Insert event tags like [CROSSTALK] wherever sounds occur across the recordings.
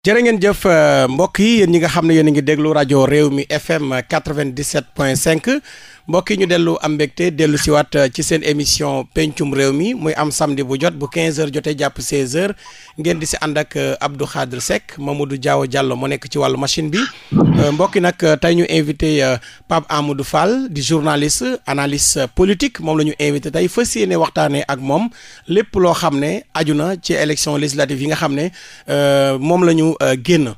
jërë ngeen jëf euh, mbokk yi yéen ñi nga xam ne yéen a ngi déglu rajo réew mi FM 97.5 mbokk yi ñu dellu am mbégte dellu si waat euh, ci seen émission pencum réew mi muy am samedi bu jot bu 15h jotee jàpp 16h ngeen di si ànd ak euh, Abdou Khadre Seck Mamadou Diaw jàll mu nekk ci wàllu machine bi mbokk yi nag tey ñu invité Pape Amadou Fall di journaliste analyste politique moom la ñu invité tey fas yéene waxtaanee ak moom lépp loo xam ne aju na ci élection législative yi nga xam ne moom la ñu. ñu euh, génn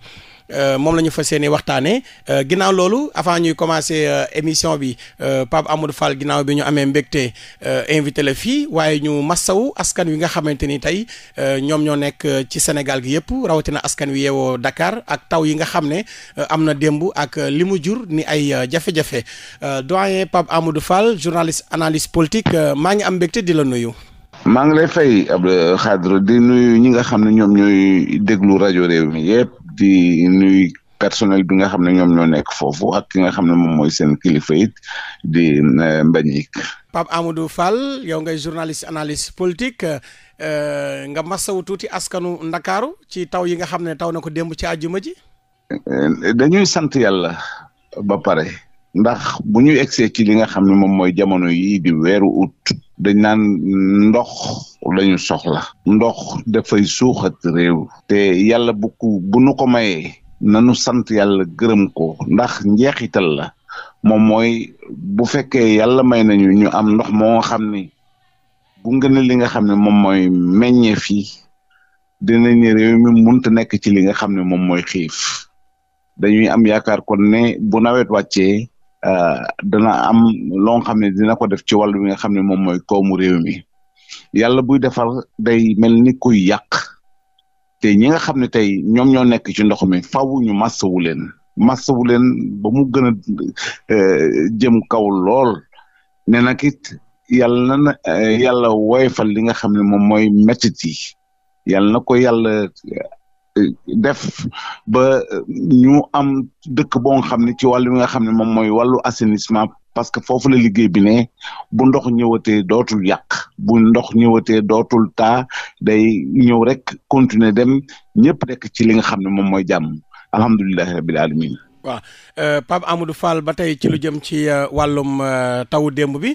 euh, moom la ñu fas yéene waxtaanee euh, ginnaaw loolu avant ñuy commencer émission bi Pape Amadou Fall ginnaaw bi ñu amee mbégte invité la fii waaye ñu massawu askan wi nga xamante ni tey ñoom ñoo nekk ci Sénégal gi yëpp rawatina askan wi yeewoo Dakar ak taw yi nga xam ne am na démb ak li mu jur ni ay jafe-jafe doyen Pape Amadou Fall journaliste analyse politique maa ngi am mbégte di la nuyu. maa ngi lay fay Abdou Khadre di nuyu ñi nga xam ne ñoom ñooy déglu rajo réew mi yëpp di nuyu personnel bi nga xam ne ñoom ñoo nekk foofu ak ki nga xam ne moom mooy seen kilifa it di euh, Mbagnick. Pape Amadou Fall yow ngay journaliste analyste politique euh, nga masawu tuuti askanu Ndakaaru ci taw yi nga xam ne taw na ko démb ci àjjuma ji. Euh, dañuy sant yàlla ba pare ndax bu ñu egsee ci li nga xam ne moom mooy jamono yii di weeru ut. dañ naan ndox lañu soxla ndox dafay suuxat réew te yàlla bu ko bu nu ko mayee nanu sant yàlla gërëm ko ndax njeexital la moom mooy bu fekkee yàlla may nañu ñu am ndox moo xam ni bu ngeen li nga xam ne moom mooy meññeef yi dinañ réew mi mënut nekk ci li nga xam ne moom mooy xiif dañuy am yaakaar kon ne bu nawet wàccee Euh, dana am loo xam ne dina ko def ci wàllu bi nga xam ne moom mooy koomu réew mi yàlla buy defar day mel ni kuy yàq te ñi nga xam ne tey ñoom ñoo nekk ci ndox mi faaw ñu massawu leen massawu leen ba mu gën a euh, jëm kaw lool ne nag it yàlla na yàlla woyfal li nga xam ne moom mooy métit yi yàlla na ko yàlla def ba ñu am dëkk boo nga xam ne ci wàllu nga xam ne moom mooy wàllu assainissement parce que foofu la liggéey bi ne bu ndox ñëwatee dootul yàq bu ndox ñëwatee dootul taa day ñëw rek continuer dem ñëpp rek ci li nga xam ne moom mooy jàmm alhamdulilahi rabbil alamin waaw euh, Pape Amadou Fall ba tey ci lu jëm ci euh, wàllum euh, tawu demb bi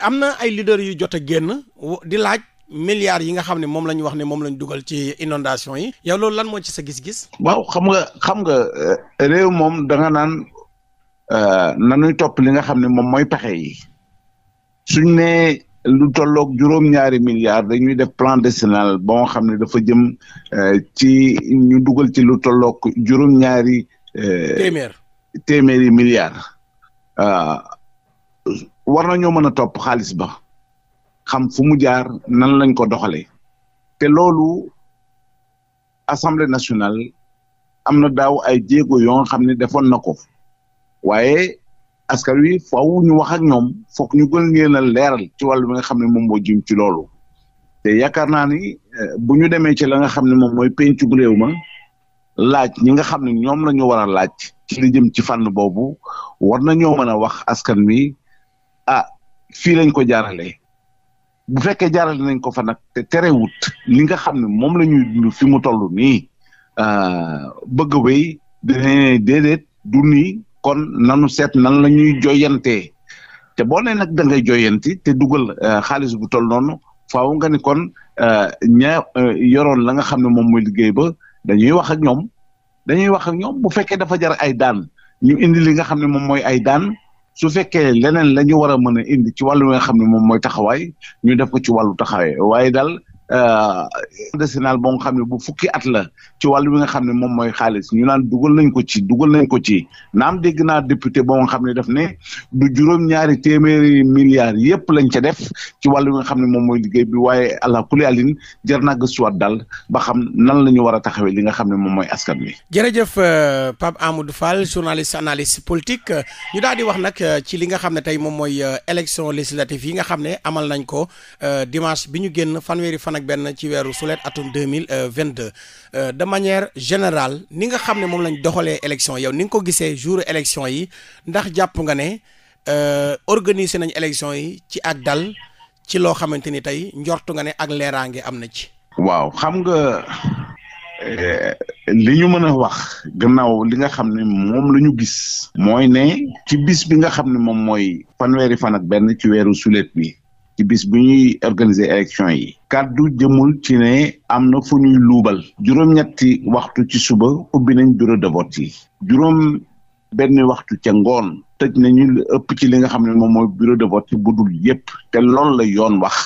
am na ay leader yu jot a génn di laaj milliards yi nga xam ne moom la ñu wax ne moom la dugal ci inondation yi yow loolu lan moo ci sa gis-gis. waaw xam nga xam nga euh, réew moom danga nga naan euh, nanuy topp li nga xam ne moom mooy pexe yi suñ ne lu tolloog juróom-ñaari milliards dañuy def plan décennal ba nga xam ne dafa jëm euh, ci ñu dugal ci lu tolloog juróom-ñaari. téeméer téeméeri milliards. war nañoo mën a topp xaalis ba. xam fu mu jaar nan lañ ko doxalee te loolu assemblée nationale am na daaw ay jéego yoo xam ne defoon na ko waaye askan wi faaw ñu wax ak ñoom foog ñu gën leen leeral ci wàllu bi nga xam ne moom moo jëm ci loolu te yaakaar naa ni eh, bu ñu demee ci la nga xam ne moom mooy pencu réew ma laaj ñi nga xam ne ñoom la ñu war a laaj ci li jëm ci fànn boobu war na mën a wax askan wi ah fii lañ ko jaarale bu fekkee jaarale nañ ko fa nag te terewut li nga xam ne moom la ñuy dund fi mu toll nii euh, bëgg a wéy dinañ déedéet du kon nanu seet nan la ñuy joyantee te boo nee nag da ngay joyanti te dugal euh, xaalis bu tol noonu faaw nga ni kon euh, ña yoroon la nga xam ne moom mooy liggéey ba dañuy wax ak ñoom dañuy wax ak ñoom bu fekkee dafa jar ay daan ñu indi li nga xam ne moom mooy ay daan su fekkee leneen la ñu war a mën a indi ci wàllu nga xam ne moom mooy taxawaay ñu def ko ci wàllu taxawaay waaye daal Euh, décennal bo nga xam ne boo fukki at la ci wàllu bi nga xam ne moom mooy xaalis ñu naan dugal nañ ko ci dugal nañ ko ci naam dégg naa député bo nga xam ne daf ne du juróom-ñaari téeméeri milliards yëpp lañ ca def ci wàllu bi nga xam ne moom mooy liggéey bi waaye allah kulli alin jar naa gëstuwaat daal ba xam nan la ñu war a taxawee li nga xam ne moom mooy askan wi. jërëjëf euh, Pape Amadou Fall journaliste analyste politique ñu daal di wax nag euh, ci li nga xam ne tey moom mooy élection législative yi nga xam ne amal nañ ko dimanche fan ak benn ci weeru sulet atum deux mille euh, vingt deux euh, de manière générale ni nga xam ne moom lañ doxalee élection yow ni nga ko gisee jour élection yi ndax jàpp nga ne euh, organiser nañ élection yi ci ak dal ci loo xamante ni tey njortu nga ne ak leeraange am na ci. waaw xam nga li ñu mën a wax gannaaw li nga xam ne moom la ñu gis. mooy ne ci bis bi nga xam ne moom mooy fanweeri fan ak benn ci weeru sulet bi. ci bis bu ñuy organiser élection yi kàddu jëmul ci ne am na fu ñuy luubal juróom-ñetti waxtu ci suba ubbi nañ bureau de vote yi juróom benn waxtu ca ngoon tëj nañu lu ëpp ci li nga xam ne moom mooy bureau de vote bu dul te loolu la yoon wax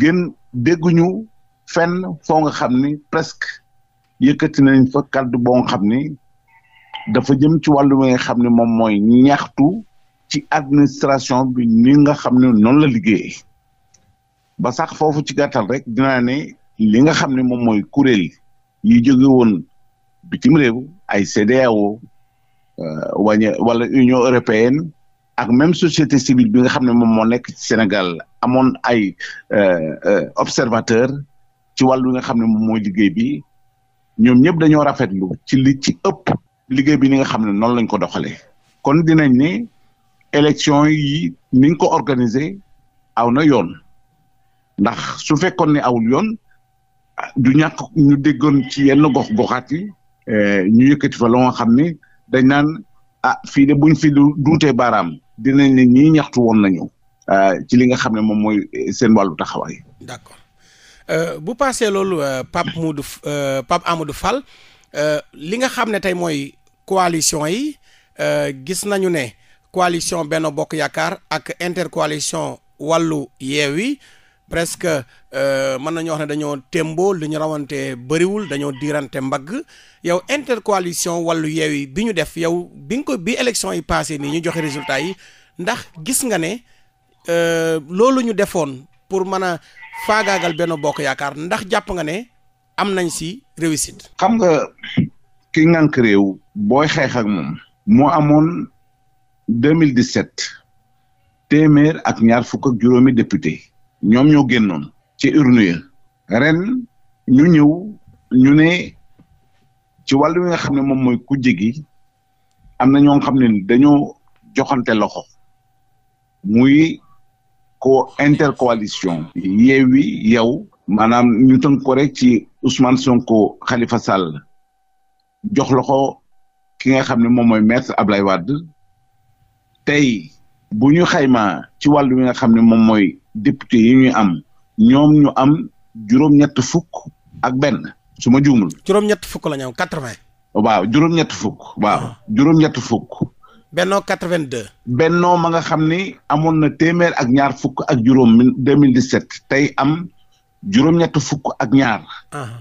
gën dégguñu fenn foo nga xam ni presque yëkkati nañ fa kàddu xam ni dafa jëm ci wàllu bi nga xam ne moom mooy ñaxtu ci administration bi ni nga xam ne noonu la liggéey ba sax foofu ci gàttal rek dinaa ne li nga xam ne moom mooy kuréel yi jóge woon bitim réew ay CEDEAO euh, wañe wala Union européenne ak même société civile bi nga xam ne moom moo nekk ci Sénégal amoon ay euh, euh, observateur ci wàllu nga xam ne moom mooy liggéey bi ñoom ñëpp dañoo rafetlu ci li ci ëpp liggéey bi ni nga xam ne noonu lañ ko doxalee kon dinañ ne élection yi niñ ko organiser aw na yoon ndax su fekkoon ne awul yoon du ñàkk ñu déggoon ci yenn gox goxaat yi eh, ñu yëkkati fa loo xam ne dañ naan ah fii de buñ fi duutee baaraam dinañ ne ñii ñaxtu woon nañu eh, ci li nga xam ne moom mooy seen wàllu taxawaay. d'accord euh, bu paasee loolu euh, Pape Modou euh, Pape Amadou Fall li nga xam ne tey mooy coalition yi gis nañu ne coalition Benno Bokk Yaakaar ak intercoalition wàllu Yewwi presque euh, mën nañu wax ne dañoo témboo li ñu rawante bëriwul dañoo diirante mbagg yow intercoalition wàllu yeewi bi ñu def yow bi nga ko bi élection yi passé nii ñu joxe résultat yi ndax gis nga ne euh, loolu ñu defoon pour mën a faagaagal benn bokk yaakaar ndax jàpp nga ne am nañ si réussite. xam nga ki ngànk réew. booy xeex ak moom. moo amoon 2017 téeméer ak ñaar fukk ak juróomi député. ñoom ñoo génnoon ci urne ya ren ñu ñëw ñu ne ci wàllu wi nga xam ne moom mooy ku jegi am na ñoo xam ne dañoo joxante loxo muy ko intercoalition Yewwi yow maanaam ñu tënk ko rek ci Ousmane Sonko Khalifa Sall jox loxo ki nga xam ne moom mooy maître Ablaye Wade tey bu ñu xayma ci wàllu wi nga xam ne moom mooy député yu ñuy am ñoom ñu am juróom-ñett fukk ak benn su ma juumul. juróom-ñett fukk la ñu am quatre-vingt. waaw juróom-ñett fukk. waaw ah. juróom-ñett fukk. ma nga xam ni amoon na téeméer ak ñaar fukk ak juróom 2017 tey am juróom-ñett fukk ak ñaar. Ah.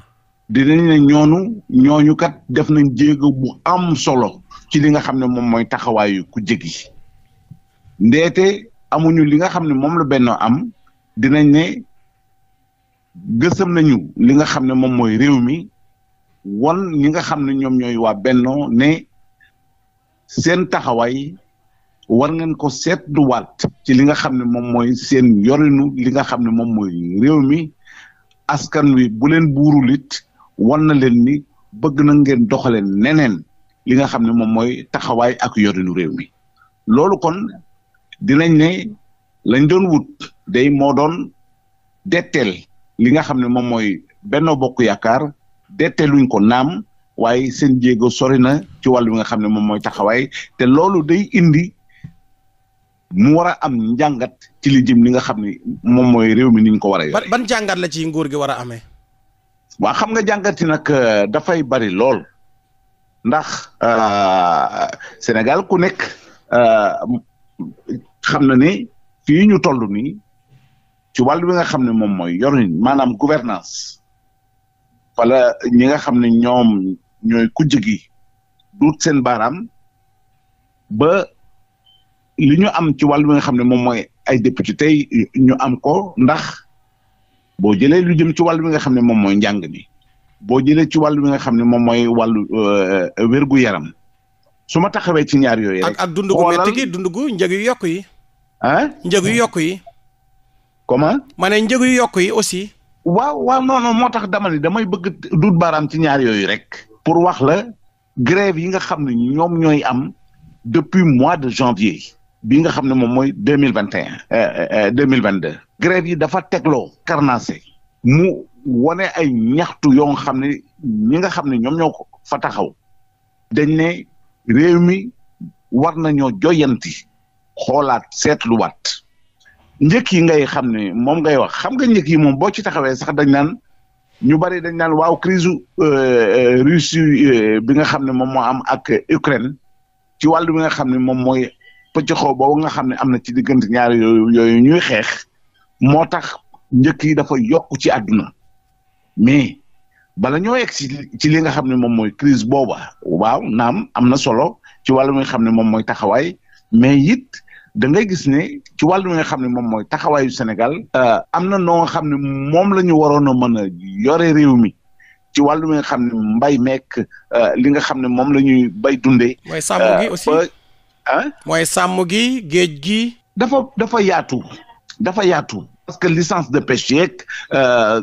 dinañ ne ñoonu ñooñu def nañ jéego bu am solo ci li nga xam ne moom mooy taxawaayu ku jéggi. ndeete amuñu li nga xam ne moom la Benno am dinañ ne gësam nañu li nga xam ne moom mooy réew mi wan ñi nga xam ne ñoom ñooy waa Benno ne seen taxawaay war ngeen ko seetluwaat ci li nga xam ne moom mooy seen yorinu li nga xam ne moom mooy réew mi askan wi bu leen buurul it wan na leen ni bëgg na ngeen doxaleen neneen li nga xam ne moom mooy taxawaay ak yorinu réew mi loolu kon dinañ ne lañ doon wut day moo doon detteel li nga xam ne moom mooy Benno Bokk Yaakaar detteeluñ ko naam waaye seen jéego sori na ci wàll bi nga xam ne moom mooy taxawaay te loolu day indi mu war a am njàngat ci li jëm li nga xam ne moom mooy réew mi ni ko war a yore. ban jàngat la ci nguur gi war a amee. waa xam nga jàngati nag euh, dafay bari lool ndax euh, Sénégal ku nekk euh, xam na ni fii ñu toll nii ci wàllu bi nga xam ne moom mooy yorin maanaam gouvernance wala ñi nga xam ne ñoom ñooy kujj gi duut seen baaraam ba li ñu am ci wàllu bi nga xam ne moom mooy ay député tey ñu am ko ndax boo jëlee lu jëm ci wàllu bi nga xam ne moom mooy njàng mi boo jëlee ci wàllu bi nga xam ne moom mooy wàllu euh, wérgu yaram su ma taxawee ci ñaar yooyu rek. ak ak dund gu métti dund gu njëg yu yokk yi. ah njëg yu yokk yi. comment. ma ne njëg yu yokk yi aussi. waaw waaw non non moo tax dama ni damay bëgg duut baram ci ñaar yooyu rek. pour wax la grève yi nga xam ne ñoom ñooy am depuis mois de janvier bi nga xam ne moom mooy deux mille vingt et euh, euh, euh, deux mille vingt deux. grève yi dafa tegloo. carnassé mu wane ay ñaxtu yoo xam ne ñi nga xam ne ñoom ñoo ko fa taxaw réew mi war nañoo joyanti xoolaat seetluwaat njëkk yi ngay xam ne moom ngay wax xam nga njëkk yi moom boo ci taxawee sax dañ naan ñu bari dañ naan waaw crise euh, euh, Russie euh, bi nga xam ne moom moo am ak Ukraine ci wàllu bi nga xam ne moom mooy pëccxoo boobu nga xam ne am na ci diggante ñaar yooyu yooyu ñuy xeex moo tax njëkk yi dafa yokk ci àdduna mais bala ñoo egg ci ci li nga xam ne moom mooy crise booba waaw naam am na solo ci wàllu nga xam ne moom mooy taxawaay mais it da ngay gis ne ci wàllu nga xam ne moom mooy taxawaayu Sénégal euh, am na noo xam ne moom la ñu waroon mën a yore réew mi ci wàllu nga xam ne mbay meek euh, li nga xam ne moom la ñuy bay dundee. mooy sàmm gi euh, aussi ah. mooy sàmm gi géej gi. dafa dafa yaatu dafa yaatu parce que licence de pêche yeeg euh,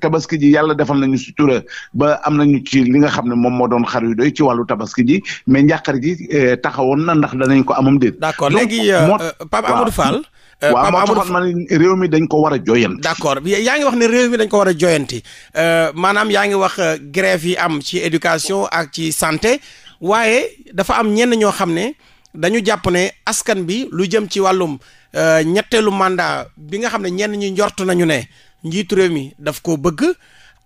tabaski ji yàlla defal nañu sutura ba am nañu ci li nga xam ne moom moo doon xar yu ci wàllu tabaski ji mais njàqar ji euh, taxawoon na ndax danañ ko amam déet. d'accord léegi euh, Pape Amadou Fall. waaw moo taxoon ma ne réew mi dañ ko war a joyanti. d'accord yaa ngi wax ni réew mi dañ ko war a joyanti maanaam yaa ngi wax grève yi am ci éducation ak ci santé waaye dafa am ñenn ñoo xam ne. dañu jàpp ne askan bi lu jëm ci wàllum euh, ñetteelu mandat bi nga xam ne ñenn ñi njort nañu ne njiitu réew mi daf koo bëgg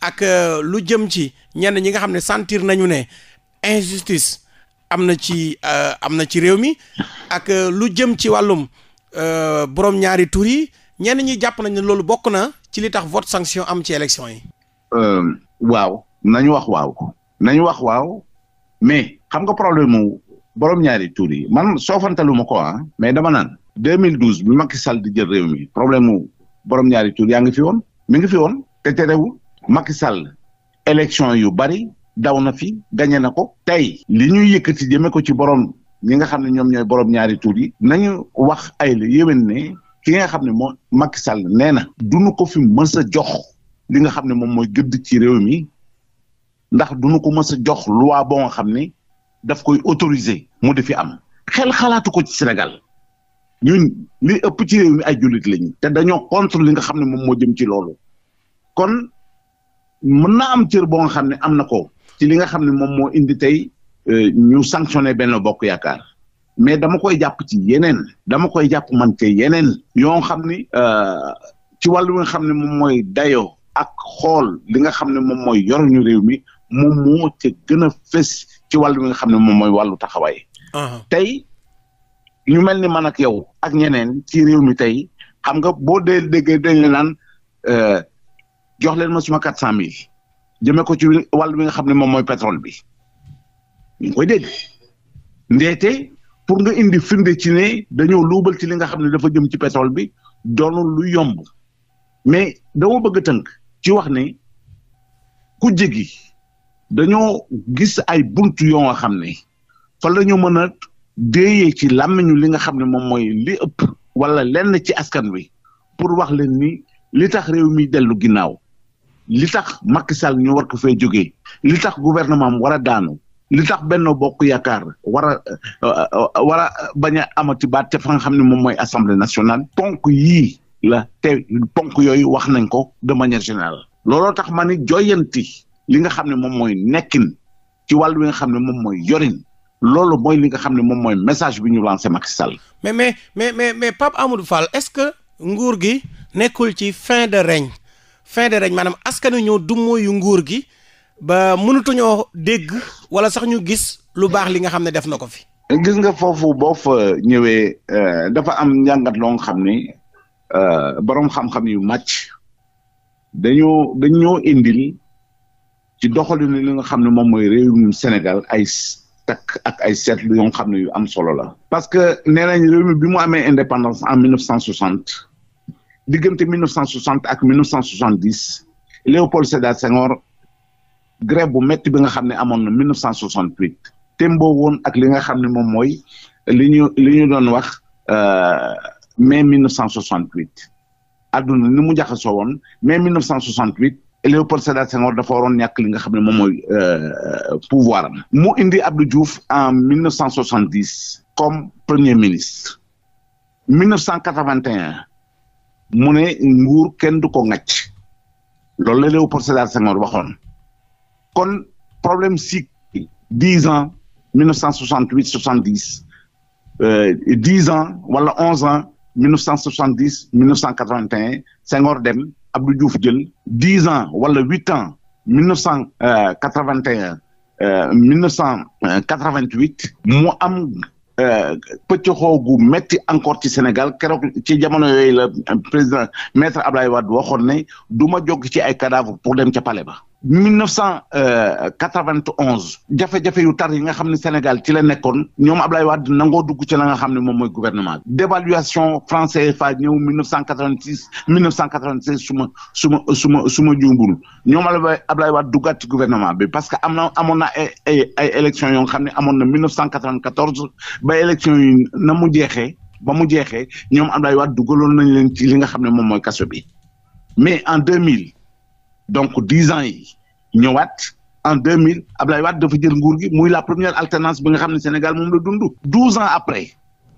ak euh, lu jëm ci ñenn ñi nga xam ne santir nañu ne injustice am na ci euh, am na ci réew mi ak lu jëm ci wàllum borom ñaari tur yi ñenn ñi jàpp nañ ne loolu bokk na ci li tax vote sanction am ci élection yi. waaw nañu wax waaw nañu wax waaw mais xam nga problème mu borom ñaari tuur yi man soofantalu ma ko ah mais dama naan 2012 bi Macky Sall di jël réew mi problème mu borom ñaari tuur yaa ngi fi woon mi ngi fi woon te terewul Macky sal élection yu bari daw na fi gañe na ko tey li ñuy yëkkati jëme ko ci borom ñi nga xam ne ñoom ñooy borom ñaari tuur yi nañu wax ay la ne ki nga xam ne moo Macky sal nee na duñu ko fi mës a jox li nga xam ne moom mooy gëdd ci réew mi ndax duñu ko mës a jox loi boo nga xam ne daf koy autoriser mu di fi am xel xalaatu ko ci Sénégal ñun li ëpp ci réew mi ay jullit lañu te dañoo contre li nga xam ne moom moo jëm ci loolu kon mën naa am cër boo nga xam ne am na ko ci li nga xam ne moom moo indi tey euh, ñu sanctionné benn bokk yaakaar mais dama koy jàpp ci yeneen dama koy jàpp man ci yeneen yoo xam ni euh, ci wàllu xam ne moom mooy dayoo ak xool li nga xam ne moom mooy ñu réew mi moom moo ca gën a fës ci wàllu bi nga xam ne moom mooy wàllu taxawaay. Uh-huh. tey ñu mel ni man yow ak ñeneen ci réew mi tey xam nga boo dee déggee dañ la naan euh, jox leen ma suma quatre cent mille jëmee ko ci wàllu bi nga xam ne moom mooy pétrole bi ñu ngi koy dégg ndeete pour nga indi firnde ci ne dañoo luubal ci li nga xam ne dafa jëm ci pétrole bi doonul lu yomb mais dama bëgg a tënk ci wax ne ku jéggi. dañoo gis ay bunt yoo nga xam ne fa la ñu mën a déeyee ci làmmiñu li nga xam ne moom mooy li ëpp wala lenn ci askan wi pour wax leen ni li tax réew mi dellu ginnaaw li tax Macky Sall ñu war ko fee jógee li tax gouvernement am war a daanu li tax Benno Bokk Yaakaar war a war bañ a amati baat te xam ne moom mooy assemblée nationale ponk yii la te ponk yooyu wax nañ ko de manière générale looloo tax ma ni joyanti li nga xam ne moom mooy nekkin ci wàllu wi nga xam ne moom mooy yorin loolu mooy li nga xam ne moom mooy message bi ñu lancé Macky Sall. mais mais mais mais mais Pape Amadou Fall est-ce que nguur gi nekkul ci fin de règne fin de règne maanaam askanu ñoo dummoo yu nguur gi ba mënatuñoo dégg wala sax ñu gis lu baax li nga xam ne def na ko fi. gis nga foofu boo fa ñëwee euh, dafa am njàngat loo xam ne euh, boroom xam-xam yu màcc dañoo dañoo indil. ci doxalinu li nga xam ne moom mooy réewum Sénégal ay takk ak ay seetlu yoo xam ne yu am solo la. parce que nee nañ réew mi bi mu amee indépendance en 1960 diggante 1960 ak 1970 Léopold Sédar Senghor grève bu métti ba nga xam ne amoon na 1968 témboo woon ak li nga xam ne moom mooy li ñu li ñu doon wax euh, mai 1968 adduna ni mu jaxasoo woon mai 1968. Léopold Sédar Senghor dafa waroon ñàkk li nga xam ne moom mooy euh, pouvoir am mu indi Abdou Diouf en 1970 comme premier ministre 1981 mu ne nguur kenn du ko ŋàcc loolu la Léopold Sédar Senghor waxoon kon problème si dix ans 1968 70 euh, dix ans wala onze ans 1970 1981 Senghor dem. Abdou Diouf jël dix ans wala huit ans mille neuf cent euh, quatre vingt et un euh, mille neuf cent quatre vingt huit mu am euh, pëccoxoo gu metti encore ci Sénégal keroog ci jamono yooyu la président maître Abdoulaye Wade waxoon ne duma ma jóg ci ay cadavre pour dem ca palais ba mille neuf cent euh, quatre-vingt-onze jafe-jafe yu tar yi nga xam ne Sénégal ci la nekkoon ñoom Ablaye Wade nangoo dugg ci la nga xam ne moom mooy gouvernement bi dévaluation franc CFA ñëw mille neuf cent quatre-vingt-six mille neuf cent quatre-vingt-seize su ma suma ma ma su ma jumbul ñoom Ablaye Ablaye Wade duggaat ci bi parce que am na amoon na ay ay yoo xam ne amoon na mille neuf cent quatre-vingt-quatorze ba élections yi na mu jeexee ba mu jeexee ñoom Ablaye Wade dugaloon nañu leen ci li nga xam ne moom mooy kaso bi mais en deux mille donc dix ans yi ñëwaat en deux mille Ablaye Wade dafa jël guur gi muy la première alternance bi nga xam ne Sénégal moom la dund douze ans après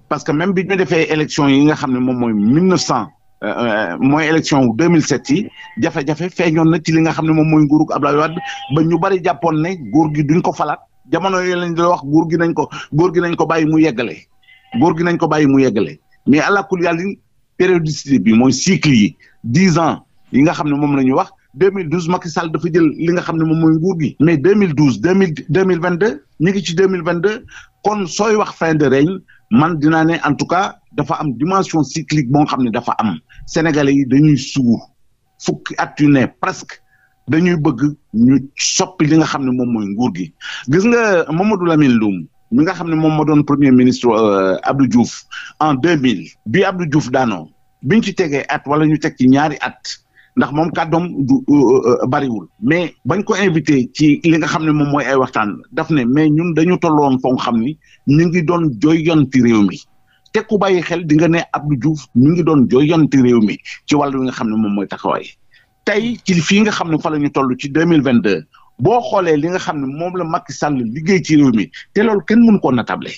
parce que même bi ñu defee élection yi nga xam ne moom mooy mille neuf cent euh, mooy élection wu deux mille sept yi jafe-jafe feeñoon na ci li nga xam ne moom mooy nguurug Ablaye Wade ba ñu bari jàppoon ne góor gi duñ ko falaat jamono yooyu lañ la wax góor gi nañ ko góor gi nañ ko bàyyi mu yeggale góor gi nañ ko bàyyi mu yeggale mais àlakul yàlla périodicité bi mooy cycle yi dix ans yi nga xam ne moom la ñu wax 2012 Macky Sall dafa jël li nga xam ne moom mooy nguur gi mais 2012 2022 ñu ngi ci 2022 kon sooy wax fin de règne man dinaa ne en tout cas dafa am dimension cyclique boo xam ne dafa am sénégalais yi dañuy suur fukki at yu ne presque dañuy bëgg ñu soppi li nga xam ne moom mooy nguur gi gis nga Mamadou Lamine Loum mi nga xam ne moom moo doon premier ministre euh, Abdou Diouf en 2000 bi Abdou Diouf daanoo biñ ci tegee at wala ñu teg ci ñaari at ndax moom kàddoom du euh, euh, euh, bariwul mais bañ ko invité ci li nga xam ne moom mooy ay waxtaan daf ne mais ñun dañu tolloon foog xam ni ñu ngi doon jooyanti réew mi te ku bàyyi xel di nga ne Abdou Diouf ñu ngi doon jooyanti réew mi ci wàllu nga xam ne moom mooy taxawaay tey ci fii nga xam ne fa la ñu toll ci deux mille vingt deux boo xoolee li nga xam ne moom la Macky Sall liggéey ci réew mi te loolu kenn mënu ko natable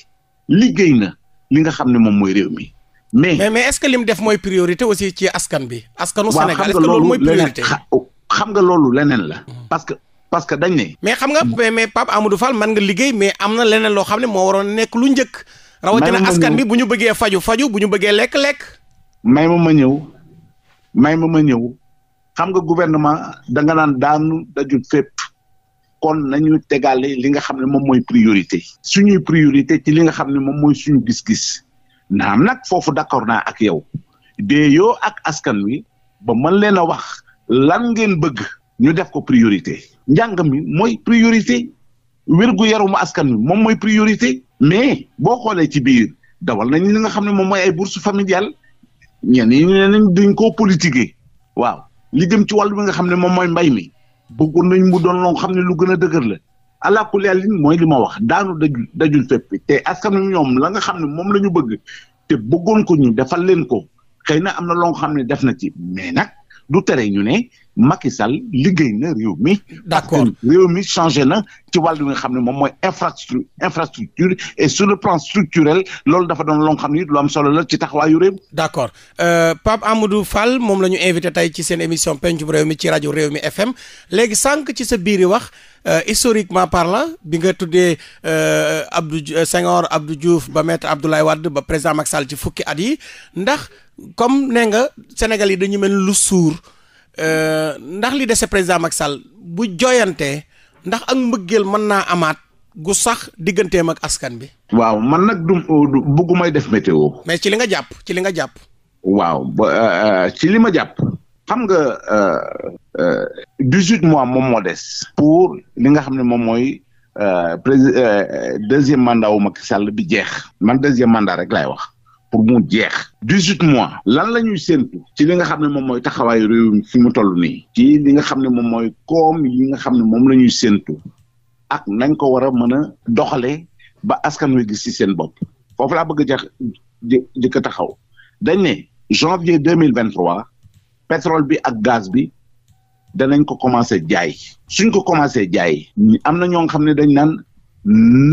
liggéey na li nga xam ne moom mooy réew mi. mais mais mais est-ce que lim def mooy priorité aussi ci askan bi. askanu Sénégal est-ce que loolu mooy priorité oh, xam nga loolu leneen la. Mm-hmm. parce que parce que dañ ne. mais xam nga mais mais Pape Amadou Fall mën nga liggéey mais am na leneen loo xam ne moo waroon nekk lu njëkk. rawatina askan bi bu ñu bëggee faju faju bu ñu bëggee lekk lekk. may ma ñëw may ma ma ñëw xam nga gouvernement da nga naan daanu dajul fépp. kon nañu tegaale li nga xam ne moom mooy priorité. suñuy priorité ci li nga xam ne moom mooy suñu gis-gis. naam nag foofu d'accord naa ak yow dee yoo ak askan wi ba mën leen a wax lan ngeen bëgg ñu def ko priorité njàng mi mooy priorité wérgu yaramu askan wi moom mooy priorité mais boo xoolee ci biir dawal nañ li nga xam ne moom mooy ay bourse familiale ñenn ñi ne nañ dañ koo politiquer waaw li jëm ci wàllu bi nga xam ne moom mooy mbay mi bëggoon nañ mu doon loo xam ne lu gën a dëgër la allah kulli allin mooy li ma wax daanu daju dajul fépp te askanu ñoom la nga xam ne moom la ñu bëgg te bëggoon ko ñu defal leen ko xëy na am na loo xam ne def na ci mais nag du tere ñu ne Macky Sall liggéey na réew mi. d'accord réew mi changé na ci wàllu nga xam ne moom mooy infrastructure infrastructure et sur le plan structurel loolu dafa doon loo xam ne lu am solo la ci taxawaayu réew. d'accord euh, Pape Fall moom la ñu invité tey ci seen émission pencum réew mi ci rajo réew mi FM léegi sànq ci sa biir wax. Euh, historiquement parlant bi nga tuddee euh, Abdou Senghor Abdou Diouf ba maître Abdoulaye wadd ba président Macky Sall ci fukki at yi ndax comme nee nga Sénégal yi dañu mel lu suur Euh, ndax li dese président mag Sall bu jooyantee ndax ak mbëggeel mën naa amaat gu sax digganteem ak askan bi. waaw man nag du buggumay def météo. mais ci li nga jàpp ci li nga jàpp. waaw ba euh, euh, ci li ma jàpp. xam nga dix-huit mois moom moo des. pour li nga xam ne moom mooy président deuxième mandat wu Macky Sall bi jeex. man deuxième mandat rek laay wax. pour mu jeex dix-huit mois lan la ñuy séntu ci li nga xam ne moom mooy taxawaayu réew fi mu toll nii ci li nga xam ne moom mooy koom yi nga xam ne moom la ñuy séntu ak nañ ko war a mën a doxalee ba askan wi gis ci seen bopp foofu laa bëgg a jax jëkk a taxaw dañ ne janvier deux mille vingt trois pétrole bi ak gaz bi danañ ko commencé jaay suñ ko commencé jaay am na ñoo nga xam ne dañ naan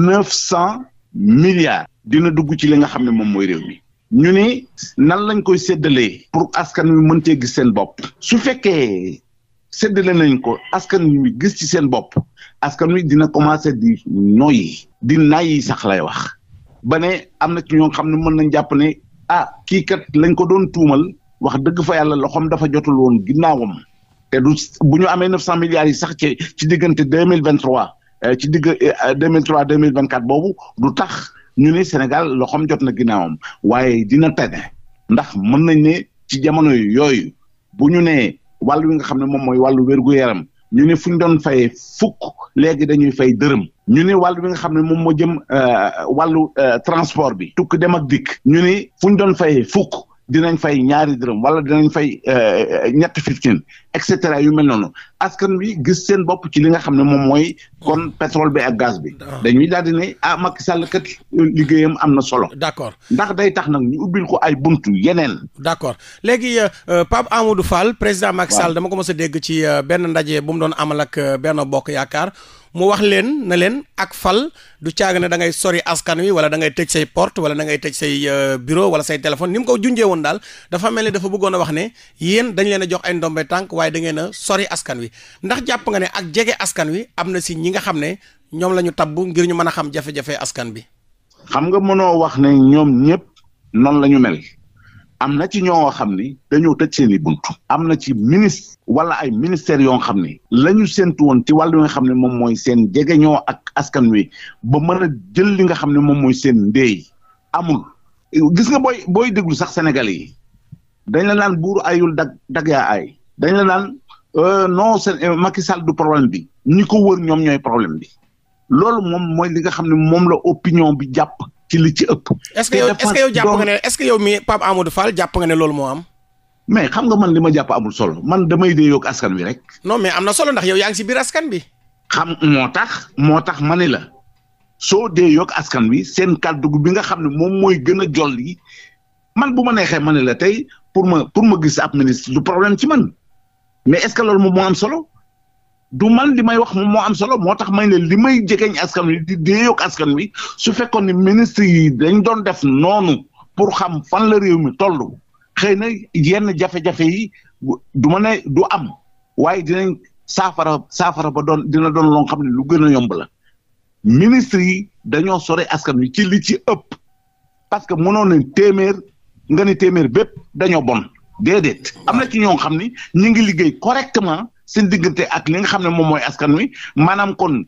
neuf cent milliards dina dugg ci li nga xam ne moom mooy réew mi ñu ni nan lañ koy séddalee pour askan wi mën cee gis seen bopp su fekkee séddale nañ ko askan wi gis ci seen bopp askan wi dina commencé di noyyi di nayi sax lay wax ba ne am na ci ñoo xam ne mën nañ jàpp ne ah kii kat lañ ko doon tuumal wax dëgg fa yàlla loxoom dafa jotul woon ginnaawam te du bu ñu amee neuf cent milliards yi sax ci ci diggante deux mille vingt trois euh, ci digg euh, deux mille mille vingt quatre boobu du tax ñu ne Sénégal loxoom jot na ginnaawam waaye dina tene ndax mën nañ ne ci jamono yooyu bu ñu nee wàllu wi nga xam ne moom mooy wàllu wér yaram ñu ne fu ñu doon fayee fukk léegi dañuy fay dërëm ñu ne wàllu bi nga xam ne moom moo jëm euh, wàllu euh, transport bi tukk dem ak dikk ñu ne fu ñu doon fayee fukk dinañ fay ñaari dërëm wala dinañ fay euh, ñett fifteen et cetera yu mel noonu askan wi gis seen bopp ci li nga xam ne moom mooy kon pétrole bi ak gaz bi. Ah. dañuy daal di ne ah Macky Sall kat liggéeyam am na solo. d'accord ndax day tax nag ñu ubbil ko ay bunt yeneen. d'accord léegi euh, euh, Pape Amadou Fall président Macky Sall dama ko mos a dégg ci benn ndaje bu mu doon amal ak benn bokk yaakaar. mu wax leen na leen ak fal du caaga ne da ngay sori askan wi wala da ngay tëj say porte wala da ngay tëj say euh, bureau wala say téléphone ni mu ko junjee woon daal dafa mel ni dafa bëggoon a wax ne yéen dañu leen a jox ay ndombee tànk waaye da a sori askan wi ndax jàpp nga ne ak jege askan wi am na si ñi nga xam ne ñoom la ñu tabb ngir ñu mën a xam jafe-jafe askan bi. xam nga mënoo wax ne ñoom ñëpp noonu la ñu mel am na ci ñoo xam ne dañoo ta seen i bunt am na ci ministre wala ay ministères yoo xam ne lañu ñu séntu woon ci wàllu nga xam ne moom mooy seen jegeñoo ak askan wi ba mën a jël li nga xam ne moom mooy seen ndéey amul gis nga booy booy déglu sax Sénégal yi dañ la naan buur ayul dag dag yaa ay dañ la naan euh, non seen euh, Macky Sall du problème bi ñi ko wër ñoom ñooy problème bi loolu moom mooy li nga xam ne moom la opinion bi jàpp ci li ci ëpp. est-ce jàpp nga ne est-ce que yow mi Pape Amadou jàpp nga ne loolu moo am. mais xam nga man li ma jàpp amul solo man damay dee yoog askan wi rek. non mais am na solo ndax yow yaa ngi ci biir askan bi. xam moo tax moo tax ma ne la soo dee yoog askan wi seen kàddu bi nga xam ne moom mooy gën a jolli man bu ma neexee ma ne la tey pour ma pour ma gis ab ministre du problème ci man mais est-ce que loolu moom moo am solo. du man li may wax moo am solo moo tax may ne li may jegeñ askan wi di déeyoog askan wi su fekkoon ne ministre yi dañ doon def noonu pour xam fan la réew mi toll xëy na yenn jafe-jafe yi du ma ne du am waaye dinañ saafara saafara ba doon dina doon loo xam ne lu gën a yomb la ministre yi dañoo sore askan wi ci li ci ëpp parce que mënoon nañ téeméer nga ne téeméer bépp dañoo bon déedéet am na ci ñoo xam ni ñu ngi liggéey correctement seen diggante ak li nga xam ne moom mooy askan wi maanaam kon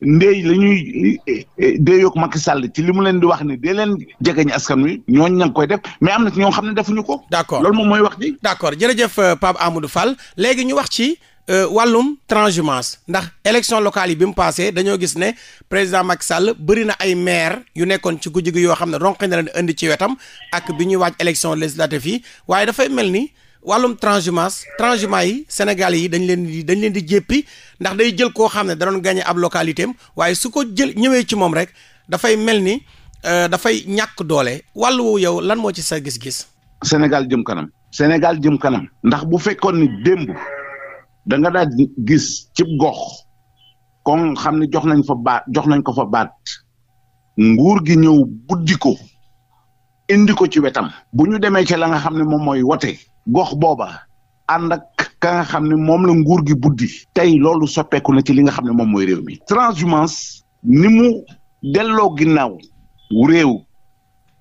ndey la ñuy eh, eh, déeyoog Macky Sall ci li mu leen di wax ni dee leen jegeñ askan wi ñoo ña ngi koy def mais am na ci ñoo xam ne defuñu ko. d' accord loolu moom mooy wax ji. d' accord jërëjëf euh, Pape Amadou Fall léegi ñu wax ci euh, wàllum transhumance ndax élection locale yi bi mu passé dañoo gis ne président Macky Sall bëri na ay maire yu nekkoon ci guddi gi yoo xam ne ronq na leen indi ci wetam ak bi ñuy waaj élection législative yi waaye dafay mel ni. wàllum transhumance transhumant yi sénégal yi dañ leen di dañ leen di jéppi ndax day jël koo xam ne da doon gagné ab localité waaye su ko jël ñëwee ci moom rek dafay mel ni euh, dafay ñàkk doole wàll yow lan moo ci sa gis-gis. Sénégal jëm kanam. Sénégal jëm kanam. ndax bu fekkoon ni démb da nga daal gis cib gox kon xam ne jox nañ fa jox nañ ko fa baat nguur gi ñëw buddi ko indi ko ci wetam. bu ñu demee ci la nga xam ne moom mooy wote. gox booba ànd ak ka xam ne moom la nguur gi buddi tey loolu soppeeku na ci li nga xam ne moom mooy réew mi transhumance ni mu delloo ginnaaw réew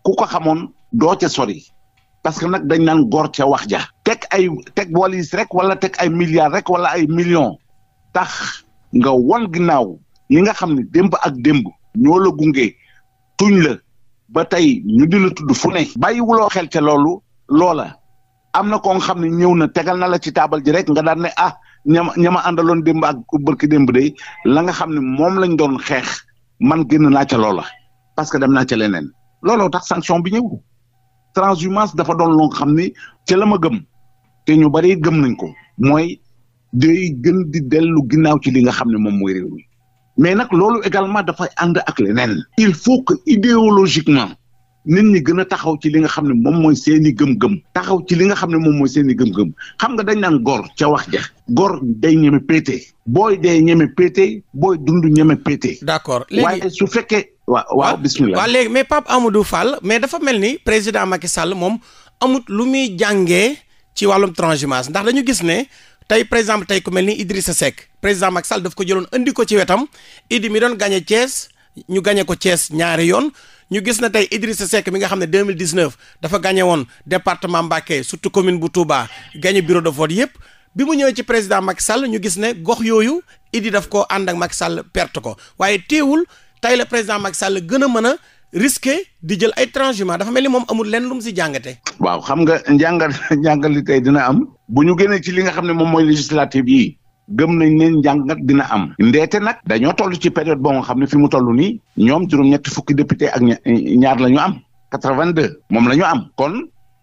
ku ko xamoon doo ca sori parce que nag dañ naan gor ca wax ja teg ay teg walis rek wala teg ay milliards rek wala ay millions tax nga won ginnaaw ñi nga xam ne démb ak démb ñoo la gunge tuñ la ba tey ñu di la tudd fu ne bàyyiwuloo xel ca loolu loola am na ko xam ne ñëw na tegal na la ci taabal ji rek nga daan ne ah ñama ñama àndaloon démb ak bërki démb day la nga xam ne moom lañ doon xeex man génn naa ca loola parce que dem naa ca leneen looloo tax sanction bi ñëw transhumance dafa doon loo xam ni a la ma gëm te ñu bari gëm nañ ko mooy day gën di dellu ginnaaw ci li nga xam ne moom mooy réew mi mais nag loolu également dafay ànd ak leneen. il faut que idéologiquement nit ñi gën a taxaw ci li nga xam ne moom mooy seen i gëm-gëm taxaw ci li nga xam ne moom mooy seen i gëm-gëm xam nga dañ naan gor ca wax ja gor day ñeme péete booy dee ñeme péete booy dundu ñeme péete. d'accord léegi waaye su fekkee. waaw waaw bismillah waaw léegi mais Pape Amadou Fall mais dafa mel ni président Macky Sall moom amut lu muy jàngee ci wàllum transhumance ndax dañu gis ne. tey par exemple tey ku mel ni Idrissa Seck président Macky Sall daf ko jëloon indi ko ci wetam Idi mi doon gagné Thiès ñu gañe ko Thiès ñaari yoon ñu gis na tey Idrissa Seck mi nga xam ne 2019 dafa gañe woon département Mbacké surtout commune bu Touba gañe bureau de vote yëpp bi mu ñëwee ci président Macky Sall ñu gis ne gox yooyu Idi daf ko ànd ak Macky Sall perte ko waaye teewul tey la président Macky Sall gën a mën a risqué di jël ay transhumance dafa mel ni moom amul lenn lu mu si jàngate. waaw xam nga njàngal [LAUGHS] njàngal li tey dina am. bu ñu génnee ci li nga xam ne moom mooy législative yi gëm nañ ne njàngat dina am ndeete nag dañoo toll ci période boo nga xam ne fi mu toll nii ñoom juróom-ñetti fukki député ak ñaar la ñu am quatre-vingt-deux moom la ñu am kon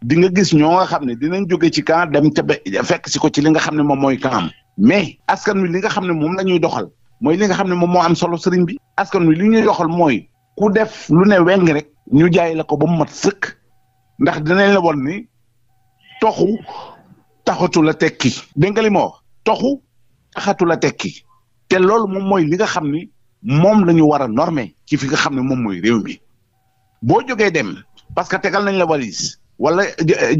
di nga gis ñoo nga xam ne dinañ jóge ci camp dem ca fekk si ko ci li nga xam ne moom mooy camp mais askan wi li nga xam ne moom la ñuy doxal mooy li nga xam ne moom moo am solo sëriñ bi askan wi li ñuy doxal mooy ku def lu ne weng rek ñu jaay la ko ba mu mat sëkk ndax dinañ la won ni toxu taxatu tekki dégg nga li ma wax toxu xatu a tekki te loolu moom mooy li nga xam ni moom la ñu war a normé ci fi nga xam ne moom mooy réew mi boo jógee dem parce que tegal nañ la walis wala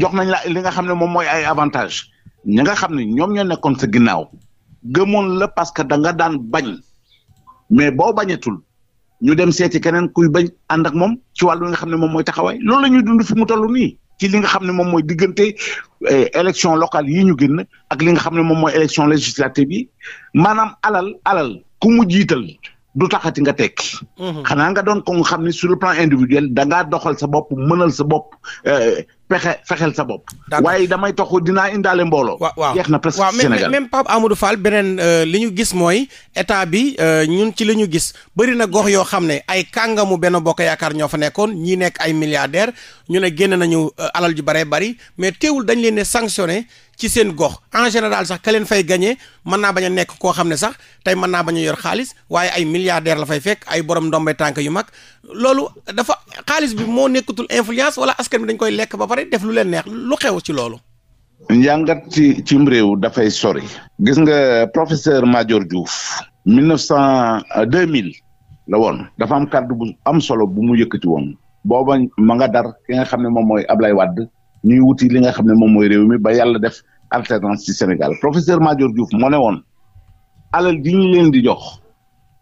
jox nañ la li nga xam ne moom mooy ay avantage ñi nga xam ne ñoom ñoo nekkoon sa ginnaaw gëmoon la parce que da nga daan bañ mais boo bañatul ñu dem seeti keneen kuy bañ ànd ak moom ci wàllu nga xam ne moom mooy taxawaay lool la ñuy dund fi mu toll nii ci li nga xam ne moom mooy diggante eh, élection locale yi ñu génn ak li nga xam ne moom mooy élection législative yi maanaam alal alal ku mu jiital du taxati nga tekki. Mhm. xanaa nga doon ko nga xam ne sur le plan individuel da doxal sa bopp mënal sa bopp eh, pexe fexeel sa bopp. waaye damay toxu dinaa indaale mbooloo. waa waa jeex na presque Sénégal même Pape Amadou Fall beneen euh, li ñu gis mooy état bi euh, ñun ci li ñu gis bëri na gox yoo xam ne ay kàngamu benn bokk yaakaar ñoo fa nekkoon ñii nekk ay milliardaire ñu ne génn nañu euh, alal ju bare bari mais teewul dañ leen ne sanctionné ci seen gox en général sax ka leen fay gañe mën naa bañ a nekk koo xam ne sax tey mën naa bañ a yor xaalis waaye ay milliardaire la fay fekk ay borom ndombay tànk yu mag loolu dafa xaalis bi moo nekkatul influence wala askan bi dañ koy lekk ba pare def lu leen neex lu xew ci loolu. njàngat ci cim réew dafay sori. gis nga professeur Madior Diouf. mille cent deux mille la woon. dafa am kàddu bu am solo bu mu yëkkati woon. booba ma nga dar ki nga xam ne moom mooy Ablaye Wade wuti li nga xam ne moom mooy réew mi ba yàlla def alternance ci Sénégal professeur Madior Diouf moo ne woon alal ji leen di jox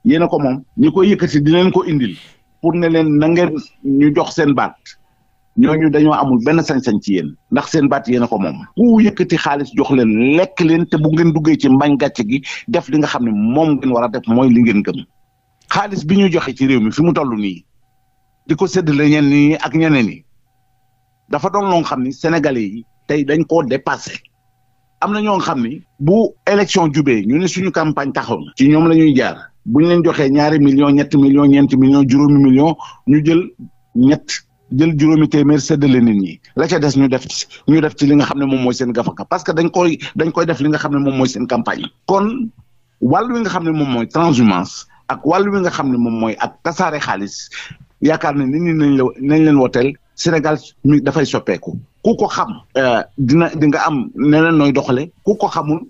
yéen ko moom ñi koy yëkkati di leen ko indil pour ne leen na ngeen ñu jox seen baat ñooñu dañoo amul benn sañ-sañ ci yéen ndax seen baat yéen a ko moom ku yëkkati xaalis jox leen lekk leen te bu ngeen duggee ci mbañ gàcce gi def li nga xam ne moom ngeen war a def mooy li ngeen gëm xaalis bi ñu joxee ci réew mi fi mu toll nii di ko séddale ñenn ñi ak ñeneen ñi dafa doon loo xam ni sénégalais yi tey dañ koo dépassé am na ñoo xam ni bu élection jubee ñu ne suñu campagne taxaw na ci ñoom la ñuy jaar. bu ñu leen joxee ñaari millions ñetti millions ñeenti millions juróomi millions ñu jël ñett jël juróomi téeméer séddale nit ñi la ca des ñu def ci ñu def ci li nga xam ne moom mooy seen gafaka parce que dañ koy dañ koy def li nga xam ne moom mooy seen campagne. kon wàll wi nga xam ne moom mooy transhumance ak wàll wi nga xam ne moom mooy ak tasaare xaalis yaakaar ne nit ñi nañ la nañ leen woteel Sénégal mi dafay soppeeku ku ko xam. Euh, dina di nga am neneen nooy doxale ku ko xamul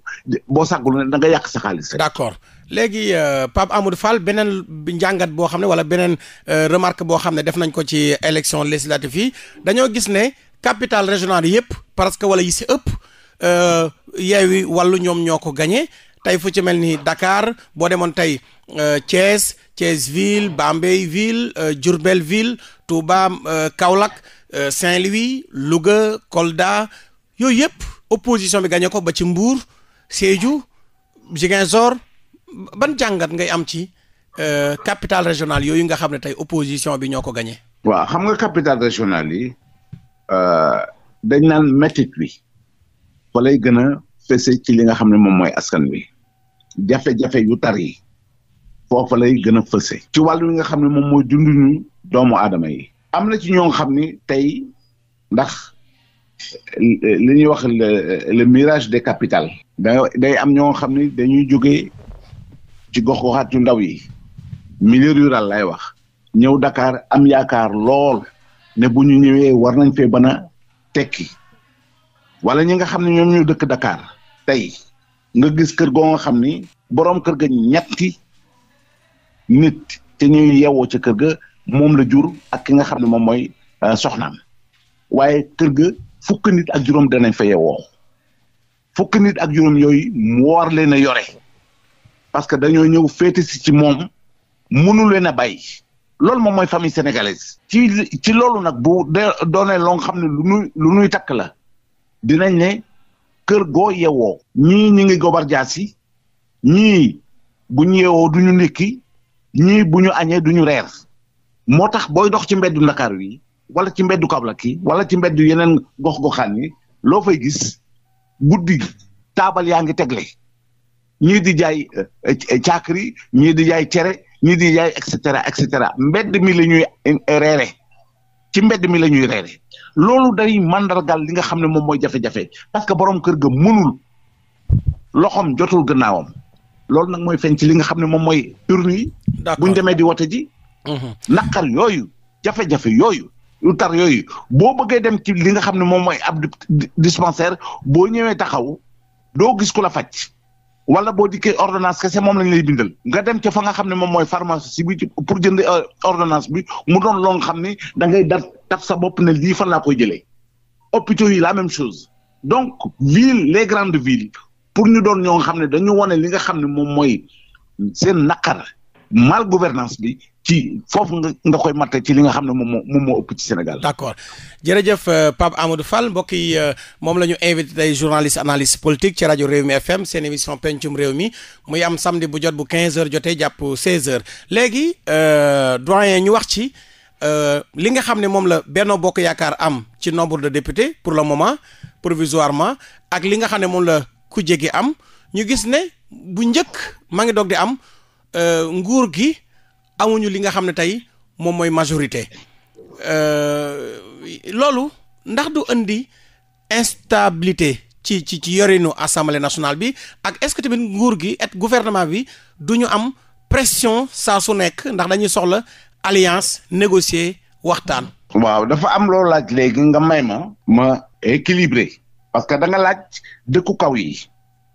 boo sàggul ne da nga yàq sa xaalis rek. d'accord. léegi euh, Pape Amadou Fall beneen njàngat boo xam ne wala beneen euh, remarque boo xam ne def nañ ko ci élection législative yi dañoo gis ne capital régional yëpp parce que wala yi si ëpp euh, yeewi wàllu ñoom ñoo ko gañe tey fu ci mel ni Dakar boo demoon tey Thiès Thiès ville Bambey ville Diourbel ville Touba Kaolack Saint-Louis Louga Kolda yooyu yëpp opposition bi gañe ko ba ci Mbour Sédhiou Ziguinchor ban jàngat ngay am ci euh, capital régional yooyu nga xam ne tey opposition bi ñoo ko gañee waaw xam nga capital régional yi euh, dañ naan métit bi fa lay gën a fese ci li nga xam ne moom mooy askan wi jafe-jafe yu tar yi foofa gën a fëse ci wàllu li nga xam ne moom mooy dunduñu doomu aadama yi am na ci ñoo xam ni tey ndax li ñuy wax le mirage de capitales day am ñoo xam ni dañuy jóge ci gox goxaat yu ndaw yi milieu rural lay wax ñëw Dakar am yaakaar lool ne bu ñu ñëwee war nañ fee bana tekki wala ñi nga xam ne ñoom ñu dëkk Dakar tey nga gis kër goo nga xam ni boroom kër ga ñetti nit te ñuy yeewoo ca kër ga moom la jur ak ki nga xam ne moom mooy euh, soxnaam waaye kër ga fukk nit ak juróom danañ fa yeewoo fukk nit ak juróom yooyu mu war leen a yore. parce que dañoo ñëw féete ci moom mënu leen a bàyyi loolu moom mooy famille sénégalaise ci ci loolu nag bu de doonee xam ne lu nuy lu nuy takk la dinañ ne kër goo yewoo ñii ñi ngi gobar jaasi ñii bu ñu yewoo du ñu ndékki ñii bu ñu añee du ñu reer moo tax booy dox ci mbeddu ndakaar wi wala ci mbeddu Kaolack wala ci mbeddu yeneen gox-goxaan yi loo fay gis guddi taabal yaa ngi tegle ñii di jaay eh, caakiri ñii di jaay cere ñii di jaay et cetera et cetera mbedd mi lañuy ñuy eh, reere ci mbedd mi la ñuy reere loolu day mandargal li nga xam ne moom mooy jafe-jafe parce que borom kër ga munul loxoom jotul gannaawam loolu nag mooy feeñ ci li nga xam ne moom mooy urne yi. bu ñu demee di wote ji. Mm-hmm. naqar yooyu jafe-jafe yooyu. lu tar yooyu boo bëggee dem ci li nga xam ne moom mooy ab dispensaire boo ñëwee taxaw doo gis ku la faj. wala boo dikkee ordonnance kese moom lañ lay bindal nga dem ca fa nga xam ne moom mooy pharmacie bi pour jënd euh, ordonnance bi mu doon loo xam ni dangay ngay dat sa bopp ne lii fan laa koy jëlee hôpitaux yi la même chose donc ville les grandes villes pour ñu doon ñoo nga xam ne dañu wane li nga xam ne moom mooy seen naqar mal gouvernance bi ci foofu nga nga koy matte ci li nga xam ne moom moo moo ëpp ci Sénégal. d' accord jërëjëf euh, Pape Amadou Fall mbokk yi euh, moom la ñu invité tey journaliste analyste politique ci rajo Réew mi FM seen émission pencum réew mi muy am samedi bu jot bu 15h jotee jàpp 16h léegi euh, doyen ñu wax ci li nga xam ne moom la Benno Bokk Yaakaar am ci nombre de députés pour le moment provisoirement ak li nga xam ne moom la ku jéggi am ñu gis ne bu njëkk ma ngi doog di am. Euh, nguur gi amuñu li nga xam ne tey moom mooy majorité euh, loolu ndax du indi instabilité ci ci ci yorinu assemblée national bi ak est-ce que tamit nguur gi et gouvernement bi du ñu am pression saa su nekk ndax dañuy soxla alliance négocier waxtaan. waaw dafa am loo laaj léegi nga may ma. ma équilibré. parce que da laaj dëkku kaw yi.